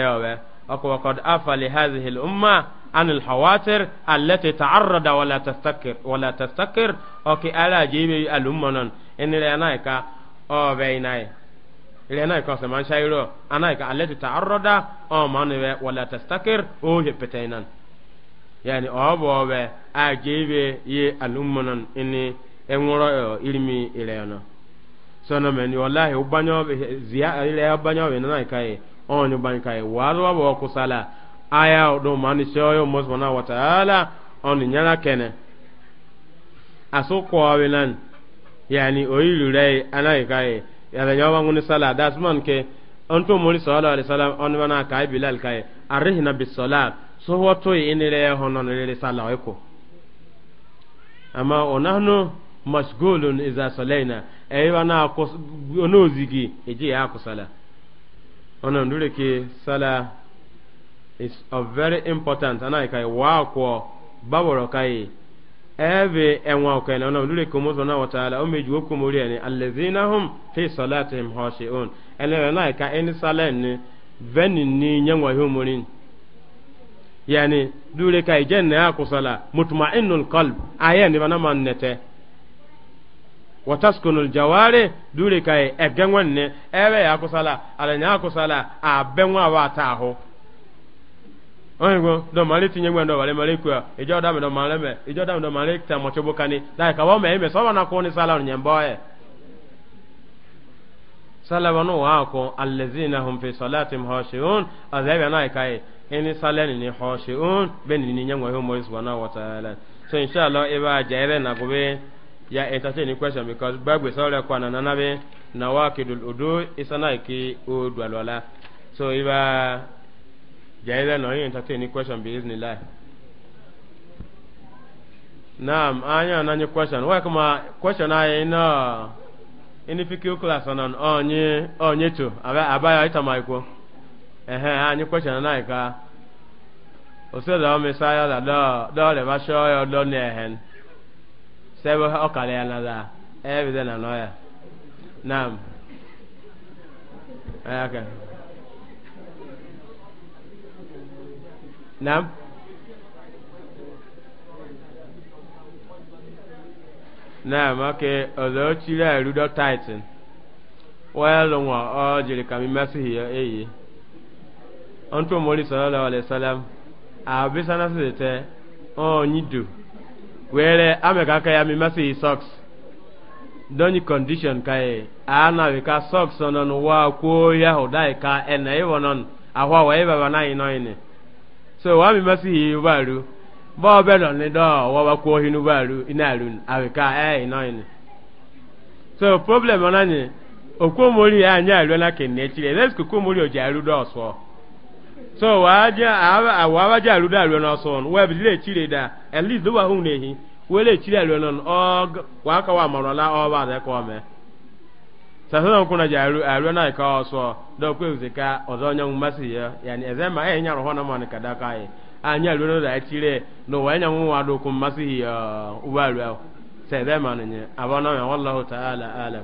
أكو وقد أفى لهذه الأمة عن الحواتر التي تعرض ولا تستكر ولا تستكر أوكي ألا جيب الأمة إن لأنايكا أو بيناي لأنايكا سمان شايرو أنايكا التي تعرض أو مانوي ولا تستكر أو هبتينا يعني أو بوبي أجيب يي الأمة إني أمورا إلمي إلينا سنة من والله أبانيو زيا إلى أبانيو إنايكا onyo bankai wazo wabo kusala aya do mani shoyo mosbana wa taala on nyala kene aso ko awelan yani oyilu rai anai kai yala nyawa nguni sala dasman ke onto muri sala alaihi wasallam on mana kai bilal kai arihna bis salat so wato inire honon rere sala eko ama mashgulun iza salaina ayi ko onozigi eji ya kusala Ona dure ke sala is a very important ana kai wa ko baboro kai ebe enwa ko ne onon dure ko mozo na wataala o meju ko mori ne allazina hum fi salatihim khashi'un ele na ka en sala ni veni ni nyangwa humurin yani dure kai jenna ya kusala mutma'innul qalb aya ne bana man nete wataskunu aljawari dure kai egenwan ne ebe ya kusala alanya akusala abenwa wa ta ahu oyinbo do mali tinye ngwe ndo wale mali kwa ijo da ndo mali me ijo da ndo mali ta mo chobo kani dai ka wa me me so na ko ni sala onye mboye sala wa no wa ko allazina hum fi salatim khashi'un azabe na kai ini salani ni khashi'un ben ni nyangwa ho mo subhanahu wa ta'ala so inshallah iba jaire na gobe ya entertain question because bible sọrọ ẹkọ àná nana bi na wa kedul odo isana ike o dualola so iba jẹyẹlẹ na oyin entertain question bi isni lai naam anya nanyi question wa kuma question ayi ina ini fikir class anan onye onye to abaya ita maiko ehe anyi question na ika o se da o mesaya da do do le ba shoyo do ne hen sɛbɛ ɔkala ya e, na daa ɛyɛ bi na nɔya naam ɛyɛ kɛ naam naam ɔkè ɔzɔ ɔtsirɛ ɛrudɔ taitin wɔyɛ lɔnwɔ ɔdziri kàmi mɛsihi ɛyɛ ɔntun mɔri sɔlɔ lɛ ɔlɛ sɔlɛm àbísánásì tɛ ɔnyi do. were ameka aka ya mimasi socks doni condition kai ana ka socks onon wa ko ya hodai ka ena iwonon ahwa wa iba bana inoine so wa aru baru ba obelo ni do wa wa aru hinu baru inarun na e inoine so problem onanye okomori anya aru na kenechire let's kokomori ojaru do so so waja awaja aluda alu na son we bizile da at least do wa nehi le chire og wa wa marola o de me sasa kuna jaru alu na ka oso do kwe uzeka ozo nya umasi ya yani ezema e nya roho na kadaka e anya alu da no mu wa do ya uwa abona wallahu ta'ala alam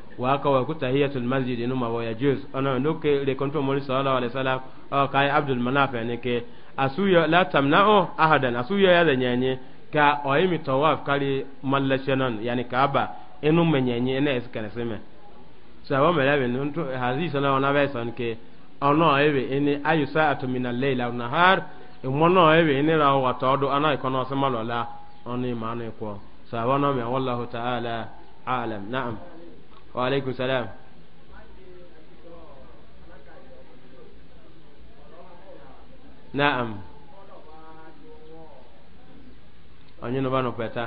waka wa ku tahiyatul masjid numa wa yajuz ona ndoke le kontu mo sallallahu alaihi wasallam o kai abdul manaf ne ke asuya la tamna'u ahadan asuya ya da nyanye ka oyimi tawaf kali mallashanan yani kaaba enu menyenye ene eskane seme so wa melabe ntu hadisi na ona ba son ke ona ebe ene ayu sa'atu min al-layl aw nahar ebe ene ra wa todo ana ikono semalola oni manu ikwo so wa no me wallahu ta'ala alam na'am wa aleykum salam. naam onyino bano peta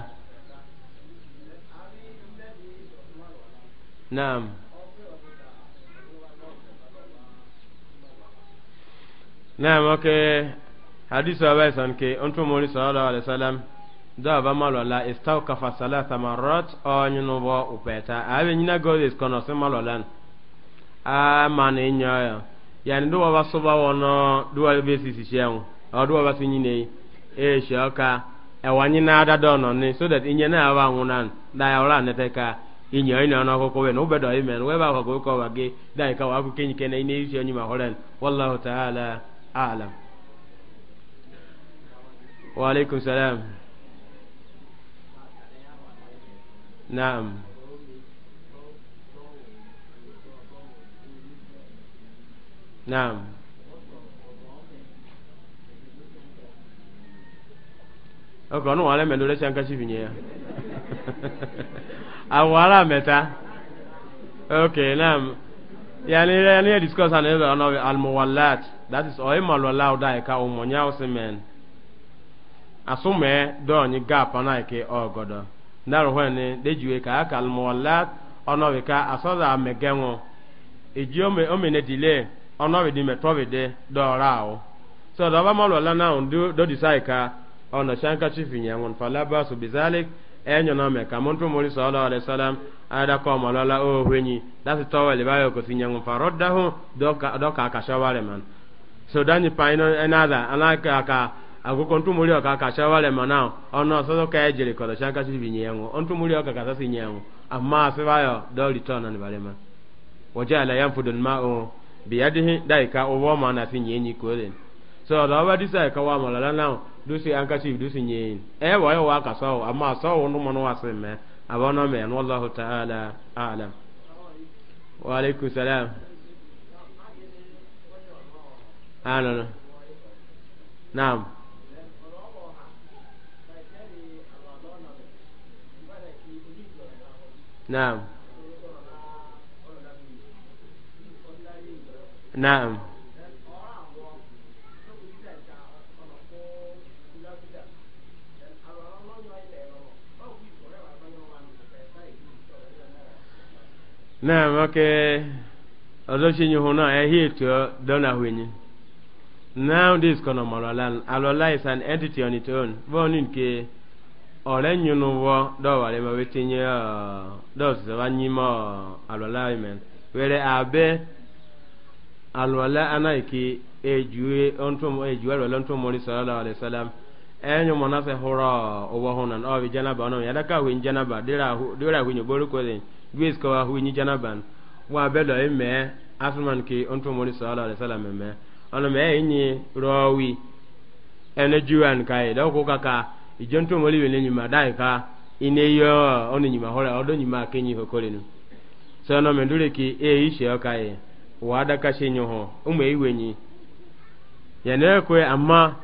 naam naam okay hadisi wa bai sanke on tumuri sallallahu alaihi wasallam dɔba malɔla istawkafa sala samarot ɔnyinu bɔ upɛta abe nyina gɔzis kɔnɔ se malɔlan a mani nyɔya yani duwa ba soba wɔnɔ duwa be sisi shɛŋ ɔ duwa ba su nyine e ka ɛwa e nyina ada dɔnɔ ni so that na aba ŋunan da ya ɔra nɛtɛ ka inyɛ ina ɔnɔ kɔkɔ bɛ dɔ ba ka wa ku kenyi kɛnɛ ina yi shɛ nyuma نعم نعم ọkọ nù wàlẹ mẹlẹ lẹsẹ nkasi fi nyẹ ya awọ ala mẹta ok naam yanni yanni yẹ discuss and ẹ lọ ọnà almuwalat that is ọyẹ malọla ọdọ àyíká e ọmọ nyà ọsẹ mẹn asọmọ dọọ ní gap ọnà àyíké ọgọdọ. ndaro hwene dejuwe ka aka almuwallat ono be ka asoda megenwo ejiome omene dile ono be dime tobe de dorao so do ba malo la na ndu do disai ka ono shanka chifinya ngon falaba su bizalik enyo na me ka muntu muri sallallahu alaihi wasallam ada ko malala o hwenyi dasi towel ba yo ko sinya ngon faroddahu doka doka akashawale man so dani paino another anaka aka agogo ntumuli oka kashawale manao ono soso ka ejiri kolo shaka shibi nyengo ontumuli oka kasasi nyengo amma asibayo doli tona ni balema wajala yanfudu ma'u biyadihi daika owo na si nyenyi kolen so da ba disa ka wa malala na dusi anka shibi dusi nyen e ya wa yo wa kasawo amma sawo no mono waseme abona me wallahu ta'ala a'lam wa alaikum salam ana Naam. نعم نعم نعم اوكي ọzọchi nye hụna ehi etu dọna hwenye now this konomololan alola is an entity on its own bụ onye nke ọrẹ nyunu wọ dọwari ma wee tinye ah, dọzọba nyime alwala imen were abe alwala anaghịkị ejuwe ntụm ejuwe alwala ntụmori sallallahu alaihi wasallam enyo mona se horo owo honan o bi janaba no yada ka win janaba dira hu dira hu nyoboru ko den gwis ko hu ni e e e janaban juwan kaka ijonto moli wele nyima dai ka ine yo onu nyima hola odo nyima kenyi hokole nu so no mendule ki e ishe okaye wada ka shenyo ho umwe iwenyi yana kwe amma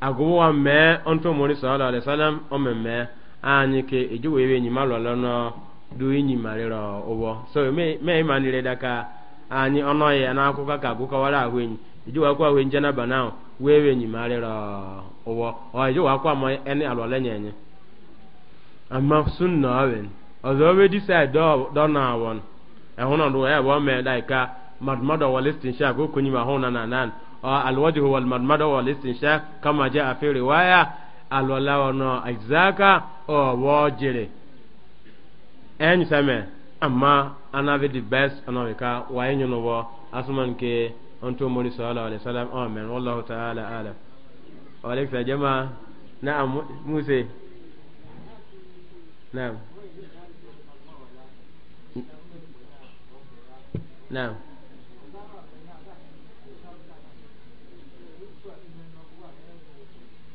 agwa me onto moli sallallahu alaihi wasallam omemme anyi ke ijuwe we nyima lolo no du nyima rero owo so me me n'ile daka anyi ono ye na akuka ka guka wala ahwenyi ijuwa kwa ahwenyi jana banao wewe nyima rero owo o ejo wa kwa mo ene alwala nyenye amma sunna awen ozo we decide do do na won e hono do e bo me dai ka madmada wal istinshaq ko kunyi ma hona na nan alwajhu wal madmada wal istinshaq kama jaa fi riwaya alwala wono ajzaka o wo jere en same amma ana be the best ana we ka wa enyo no wo asuman ke onto mori sallallahu alaihi wasallam amen wallahu ta'ala وليس جماعة نعم موسى نعم نعم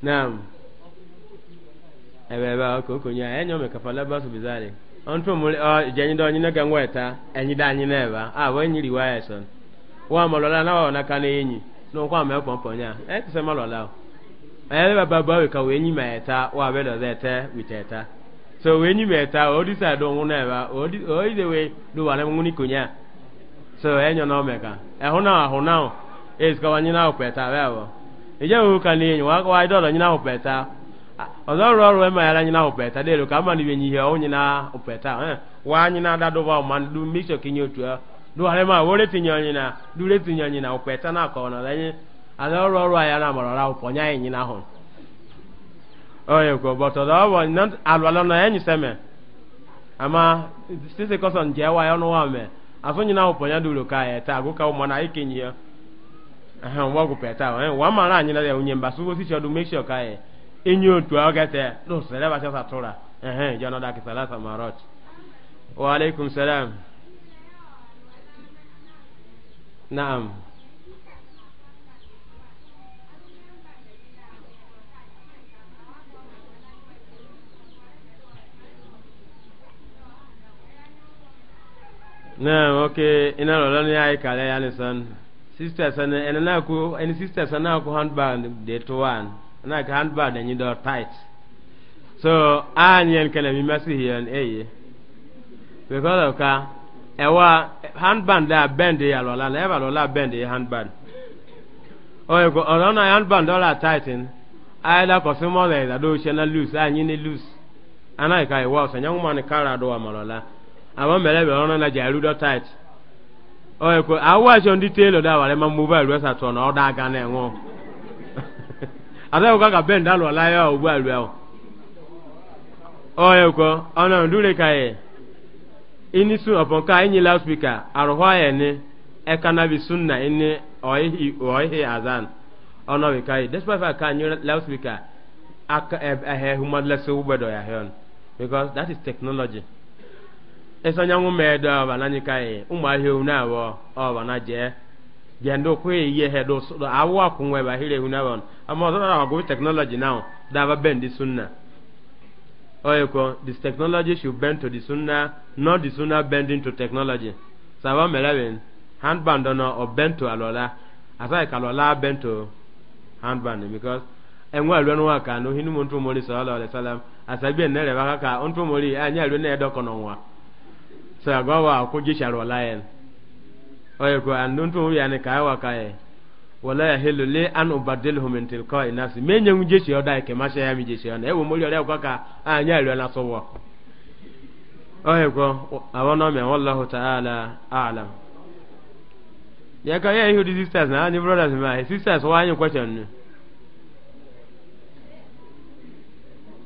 نعم ebe ebe ọkụ okonye anyị enyo eh, mekafala basu bizari ọntụ mụrụ ọ oh, jenyido onye nega ngwa eta enyida anyị n'ebe a bụ enyi riwa ya son wa mọlọla na ọ naka na enyi na n'ụkwa ma ekpọmpọ ya etisema eh, lọla ọ. ba baba ka wee nyima eta wa be do zete witeta so wee nyima eta odi sa do nguna ba odi ide we do wale nguni kunya so enyo no meka e e ka wanyina opeta wewo ije wo ka ni enyo wa do do nyina opeta ozo ma yara nyina opeta de lo ka ma ni benyi nyina opeta eh wa nyina da nyina na ala ọrụ ọrụ a ya na amara ra ụpọ nya anyị na hụ oye ko bọtọ da ọbọ na alwala na ya nyise me ama sisi kọsọn jẹ wa ya ọnụ wa me afọ nyina ụpọ nya duru ka ya taa agụka ụmụ na ike nyi ya ahụ wọgụ peta eh, wa mara anyị na ya onye mba sugo si chọdụ make sure ka ya enyi otu ọ gete lụsịrị bacha satụra ehe jọnọ dakịsala samarọch wa alaikum salam na'am naam okay ina lola ni ay kala yani san sister san ena na ku en sister san na ku handband de to one na ka handband ni do tight so anyen kala mi masihi an eye eh, because of ka ewa handband da bend ya lola na eba lola bend ya handband oye ko ọ̀rọ̀ náà handband dọ́là tighten ayélujára kọ̀sí mọ́lẹ̀ ìdádó na loose anyi ni loose anáyíká ìwọ́ ọ̀sẹ̀ nyẹ́wọ́n mọ́ni kára àdó wa mọ̀lọ́lá. ama mele be ona na jaru do tight o ko awa jo ndi telo da wale ma mobile we sa to na oda aga na enwo ada o ka bend alo la ya o gba ru o ko ona ndure kai inisu upon ka enyi la speaker arwa ye ni e kana bi azan ona we kai despite ka nyu la speaker that is technology ịsọnyanwụ mmeedo ọba na nyika yi ụmụ ahịa ewu na awọ ọba na jee jee ndị ụkwụ ihe he do awụ akwụ nwe ba hiri ewu na awọ ama ọzọ na ọgụ teknọlọji na daba ben dị sunna oyeko this technology should bend to the sunna not the sunna bending to technology saba melewin handband nọ ọ bend to alọla asaghị ka alọla bend to handband because enwe alwe nwa ka na ohi numu ntụ mori sọlọ ọlọsalam asabi enere baka ka ntụ anya ah, alwe na-edokọ n'ọnwa sagawa ko jishar walayen oye ko andun tun ya ne kayawa kaye wala ya helu le an ubadilhu min tilka inasi me nyen jishi oda ke ma ya mi jishi ona ewo mori ore ko ka anya ri ona sowo oye ko awon me wallahu ta'ala a'lam ya ka ya ihudi sisters na ni brothers ma eh, sisters wa any question ni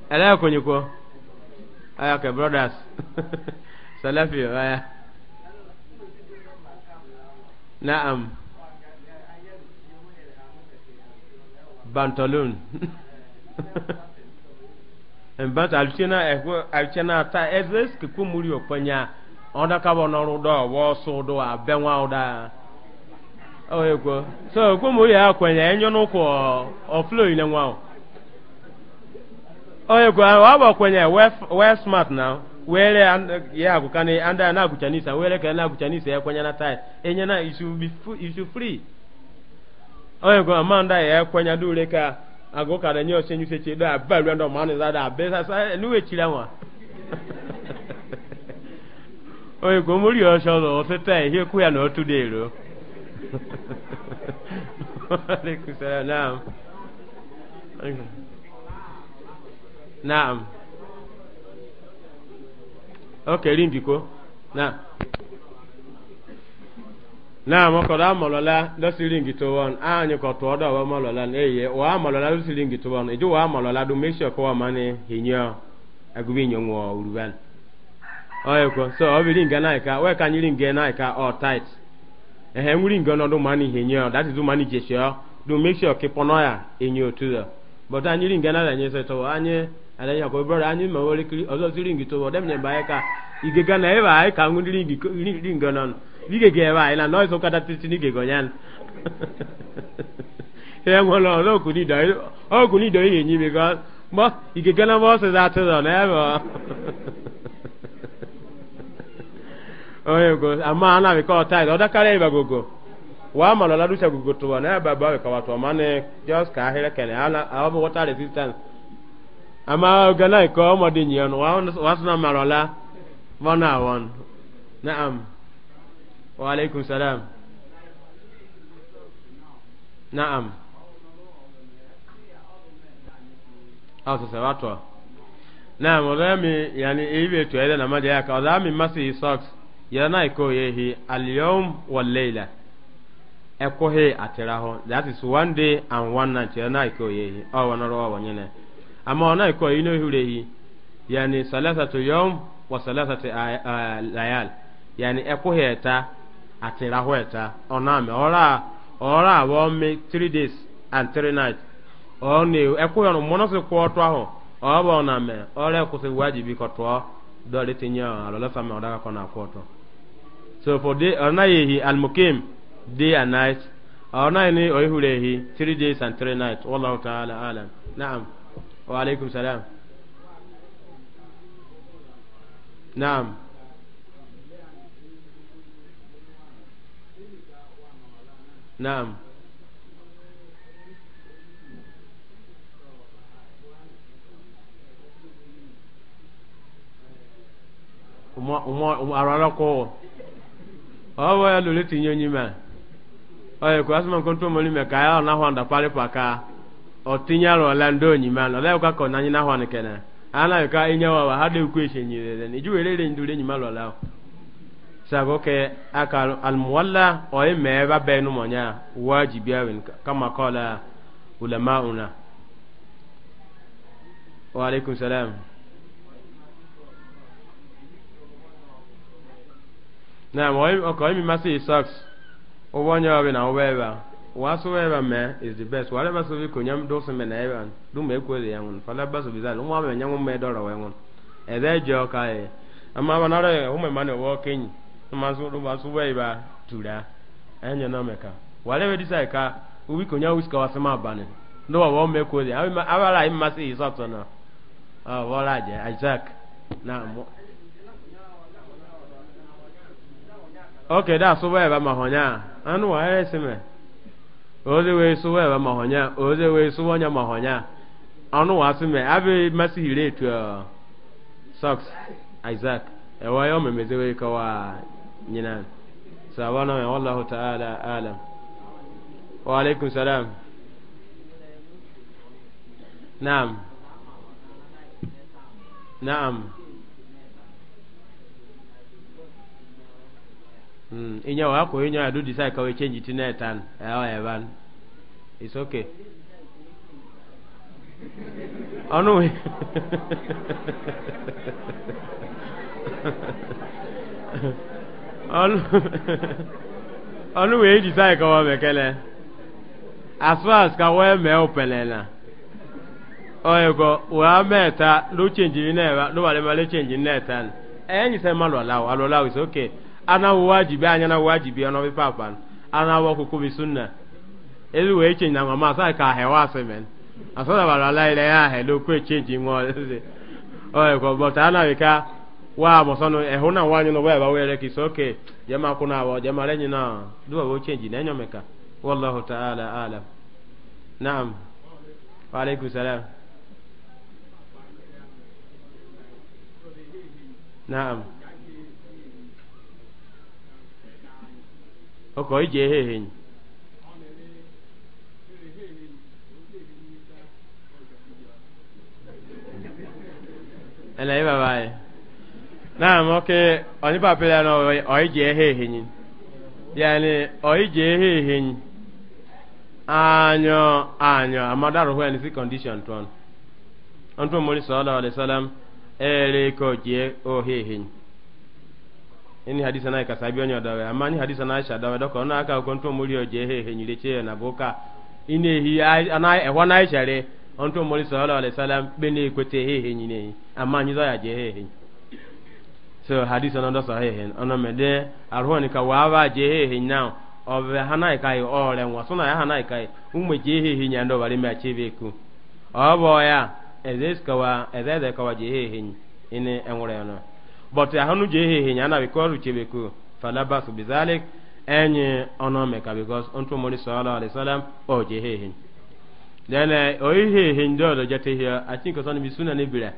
ala ko ni ko aya ke brothers <laughs> salafi <laughs> waya na-am mbant alchena ekwo alchena ta ezes ke kumuri opanya onda ka bono rudo wo so do abenwa oda o ekwo e so kumuri akwanya enyo wele and, ya agukane anda na aguchanisa wele kana aguchanisa ya kwanya na tai enya na isu bifu isu free oye go amanda ya kwanya dule ka agoka na nyo senyu se cheda balu ndo manu za da be sasa eh, nuwe chila wa <laughs> oye go muri o so lo se tai he ku ya n'otu today <laughs> ro alaikum salam naam naam okay rindiko na na mọkọrọ amọlọla lọsi ringi to wọn anyị kọ to dọ wa mọlọla na eye wa amọlọla lọsi ringi to wọn eji wa amọlọla do make sure kọwa mani hinyo agubi nyonwo uruban ọyọkọ so ọ bi ringa na ika wee ka anyị ringa na ika ọ tight ehe nwuri nga ọnọdụ mani hinyo that is mani jesio do make sure kipọnọ ya enyo otu ya but anyị ringa na anyị sọ anyị ana ya ko brother anyi ma wori kiri ozo siri ngi to dem ne bae ka ige ga na e bae ka ngu ri ngi ri ngi non ige na no so kata titi ni ge nyan e <laughs> mo lo lo ku ni da o do nyi na mo se za to na ba o ye go ama na be kari ba gogo wa ma lo la du sha gogo to na ba ba ka wa to ma ne just ka ama gana ko mo de nyon wa wasna marola wana won na'am wa alaikum salam na'am aw sasa watu na'am odami yani ibe to ele na maja yaka odami masi socks yana iko yehi al-yawm wal layla ekohe atiraho that is one day and one night yana iko yehi awana ro wanyene amma ona ko ino hureyi yani salasatu yom, wa salasatu layal yani ekoheta atirahweta ona me ora ora wo me 3 days and three nights oni ekoyo no mono ko oto aho obo na me ora ko se wajibi ko to dole tinya alola fami oda ko na ko to so for day ona yehi almukim day and night ona ni oihurehi three days and three nights wallahu ta'ala alam na'am wa alaikum salam na'am na'am ararako ọwọ ya lori tinye onye ma ọ yẹ kó asọmọ nǹkan tó ya ya ọ náà hàn otinye arụ ala ndị onyima na ọlaghịkwa ka ọnanya na ahụ nkene anaghịkwa inye wawa ha dị ukwu eshenyere iju were re ndị ure enyima lụla ahụ sago ke aka almuwalla oyi mee ba bẹnu mọnya wajibi awin kama kọla ulama una wa alaikum salam na oyi ọkọ imi masi socks ụgbọ onye ọbịa na ụgbọ ebe a whatsoever me is the best whatever so bi konyam do so me na ewan do me ko le yangun fala baso bi zal umwa me nyangun me do rawa yangun e de jo kai amma bana re o me mane wo kenyi ma so do ba we ba tura enyo na meka whatever this i ka ubi konya wiska wasema bane ndo wa wo me ko le awi ma awala imma si isatso na ah wala je isaac na mo okay da so we ba mahonya anu wa ere sime ozi wee sụwa ewe ma honya oze wee sụwa onye ma honya ọnụ wasị me abịghị mmasị hiri etu sọks isaac ewe ya omemezewe kọwa nyina sabana ya wallahu ta'ala alam wa alaikum salam na'am na'am Hmm, inya wako inya adu disai kawe chenji tina etan ewa eh, evan eh, it's ok oh, anu <laughs> oh, oh, we anu anu we disai kawa mekele as far as kawe me opele na oye go eh, wa meta lu chenji ina eva lu wale male chenji ina etan enyi se malu alawo alawo is okay ana wajibi anya na wajibi ono bi papa ana wa ku bi sunna ezi we change na mama sai ka hewa semen asala bala la ile ya hello ku change mo oye ko but ana we ka wa mo sono e huna wanyu no ba wele ki soke jama kuna wa jama lenyi na duwa wo change na nyomeka wallahu ta'ala alam na'am wa alaikum salam na'am ọkọ̀ ìjẹ́ hẹ́hẹ́n ẹ̀lẹ́ bàbá yẹ náà mọ́ kí ọ̀nípa pẹ̀lẹ́ náà ọ̀ìjẹ́ hẹ́hẹ́n yẹni ọ̀ìjẹ́ hẹ́hẹ́n ààyàn ààyàn àmọ́dárò wẹ́n sí condition tó ọ̀n tó mọ́rí sọ́ọ́lá ọ̀lẹ́sálám ẹ̀ẹ́rẹ́ kọ̀ jẹ́ òhẹ́hẹ́n. ini hadisa na onye onyo dawe amani hadisa na aisha dawe doko na aka ko nto muri oje he he nyire che na boka ine hi ana e wana aisha re onto muri sallallahu alaihi wasallam bene he he nyine amani zo ya je he he so hadisa na ndo sahihi ono mede arhoni ka wawa je he he now obe hana kai nwa so na ya hana kai umwe je he he nyando bari me achiveku obo ya ezeskawa ezeze kawa je he he ine Bọtụ but ahanu je hehe nyana because uchebeku falabasu bizalik enyi ono meka because onto moni sallallahu alaihi wasallam o je hehe lele o hehe ndo do jate here i think osan na sunna ne bira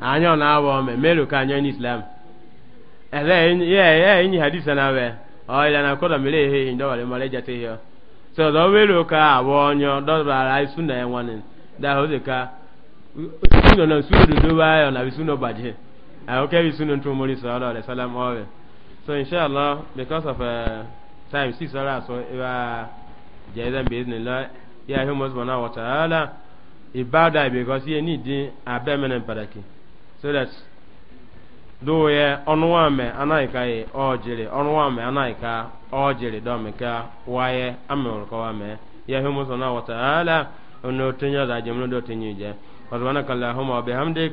anya na awo me melu ka anya ni islam ele ya ya enyi hadisa na we ọ ile na mere mele hehe ndo wale male jate here so do welu ka awo onyo do ra sunna e wanin da ho de ka sunna na sunna do ba yo na bi sunna baje I'll carry soon on to Mori Salah, the Salam Ove. So, inshallah, because of uh, time, six hours, so if I Jason Bismillah, yeah, he must want our Ta'ala, Ibada, because he need a permanent paraki. So that do ye ọnụwame anaghịka ye ọjiri ọnụwame anaghịka ọjiri dọmịka waye amịrụkọwame ya ihe mụsọ na wataala onye otenye ọdajem n'odo otenye ije ọzọbanaka lahụma ọbịa hamdik